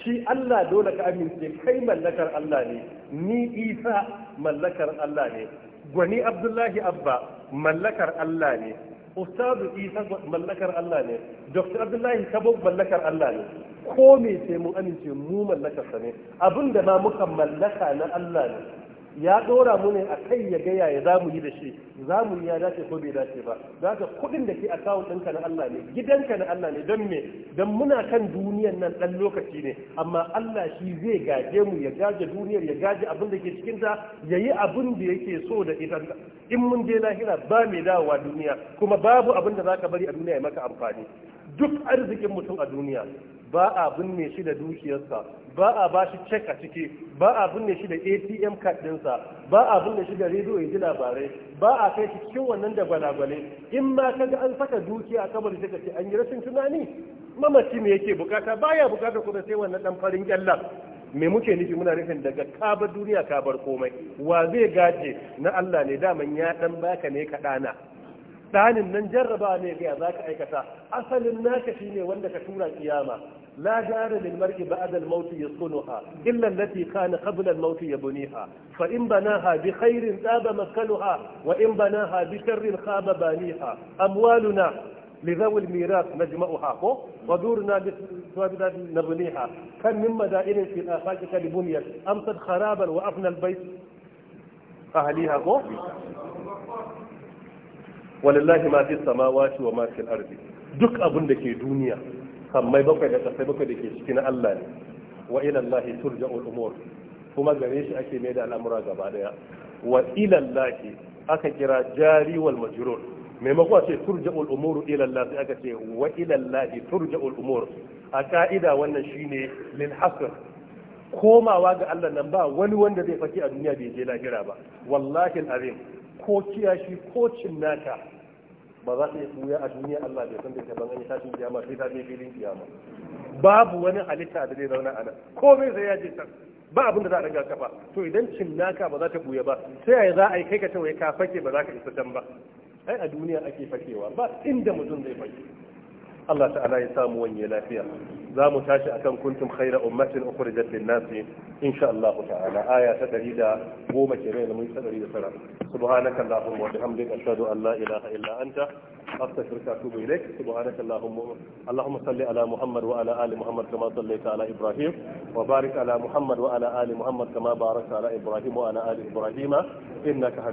shi Allah dole ka amince kai mallakar Allah ne ni Isa mallakar Allah ne gwani Abdullahi Abba mallakar Allah ne Ustazu Isa mallakar Allah ne Dr. Abdullahi Kabo mallakar Allah ne ko me sai mun amince mu mallakar sa ne abinda ma muka mallaka na Allah ne ya dora mu ne kai ya gaya ya za mu yi da shi za mu yi ya dace ko bai dace ba za ka kuɗin da ke akawun ɗinka na Allah ne gidanka na Allah ne don me don muna kan duniyar nan ɗan lokaci ne amma Allah shi zai gaje mu ya gaje duniyar ya gaje abin da ke cikinta ya yi abin da yake so da ita in mun je lahira ba mai dawowa duniya kuma babu abin da za ka bari a duniya ya maka amfani duk arzikin mutum a duniya ba a binne shi da dukiyarsa ba a ba shi cek a ciki ba a binne shi da atm card dinsa ba a binne shi da rediyo ya ji labarai ba a kai shi cikin wannan da gwalagwale in ma ga an saka dukiya a kamar da ce an yi rashin tunani mamaci me yake bukata baya bukata kuma sai wannan dan farin kyalla me muke nufi muna nufin daga kabar duniya ka bar komai wa zai gaje na Allah ne daman ya dan baka ne ka dana ɗanin nan jarraba ne ga zaka aikata asalin naka shine wanda ka tura kiyama لا دار للمرء بعد الموت يسكنها إلا التي كان قبل الموت يبنيها فإن بناها بخير تاب مسكنها وإن بناها بشر خاب بانيها أموالنا لذوي الميراث نجمعها ودورنا نبنيها كم من مدائن في الآفاق كالبنية أمسد خرابا وأفنى البيت أهليها ولله ما في السماوات وما في الأرض دك أبن لكي دنيا Kammai bakwai da ƙasai bakwai da ke ciki na Allah ne wa ila Allah umur kuma gare shi ake mai da al'amura gaba daya wa aka kira jari wal majrur maimakon ce turja'ul umur ila Allah sai aka ce wa ila Allah turja'ul umur a ka'ida wannan shine lil hasr komawa ga Allah nan ba wani wanda zai faki a duniya bai je lahira ba wallahi alazim ko kiyashi ko cinnaka ba za su iya tsuya a duniya Allah bai san da ita ban an yi tashin kiyama sai ta je filin kiyama babu wani halitta da zai zauna a nan komai sai ya je ta ba abin da za a daga kafa to idan cinnaka ba za ta buya ba sai yaya za a yi kai ka tawaye ka fake ba za ka isa can ba ai a duniya ake fakewa ba inda mutum zai fake Allah ta'ala ya samu wanye lafiya za mu tashi akan kuntum khaira ummatin ukhrijat lin-nasi insha Allah ta'ala aya ta 110 kenan da mun ta 109 subhanaka allahumma wa bihamdika ashhadu an la ilaha illa anta astaghfiruka wa atubu ilaik subhanaka allahumma allahumma salli ala muhammad wa ala ali muhammad kama sallaita ala ibrahim wa barik ala muhammad wa ala ali muhammad kama barakta ala ibrahim wa ala ali ibrahim innaka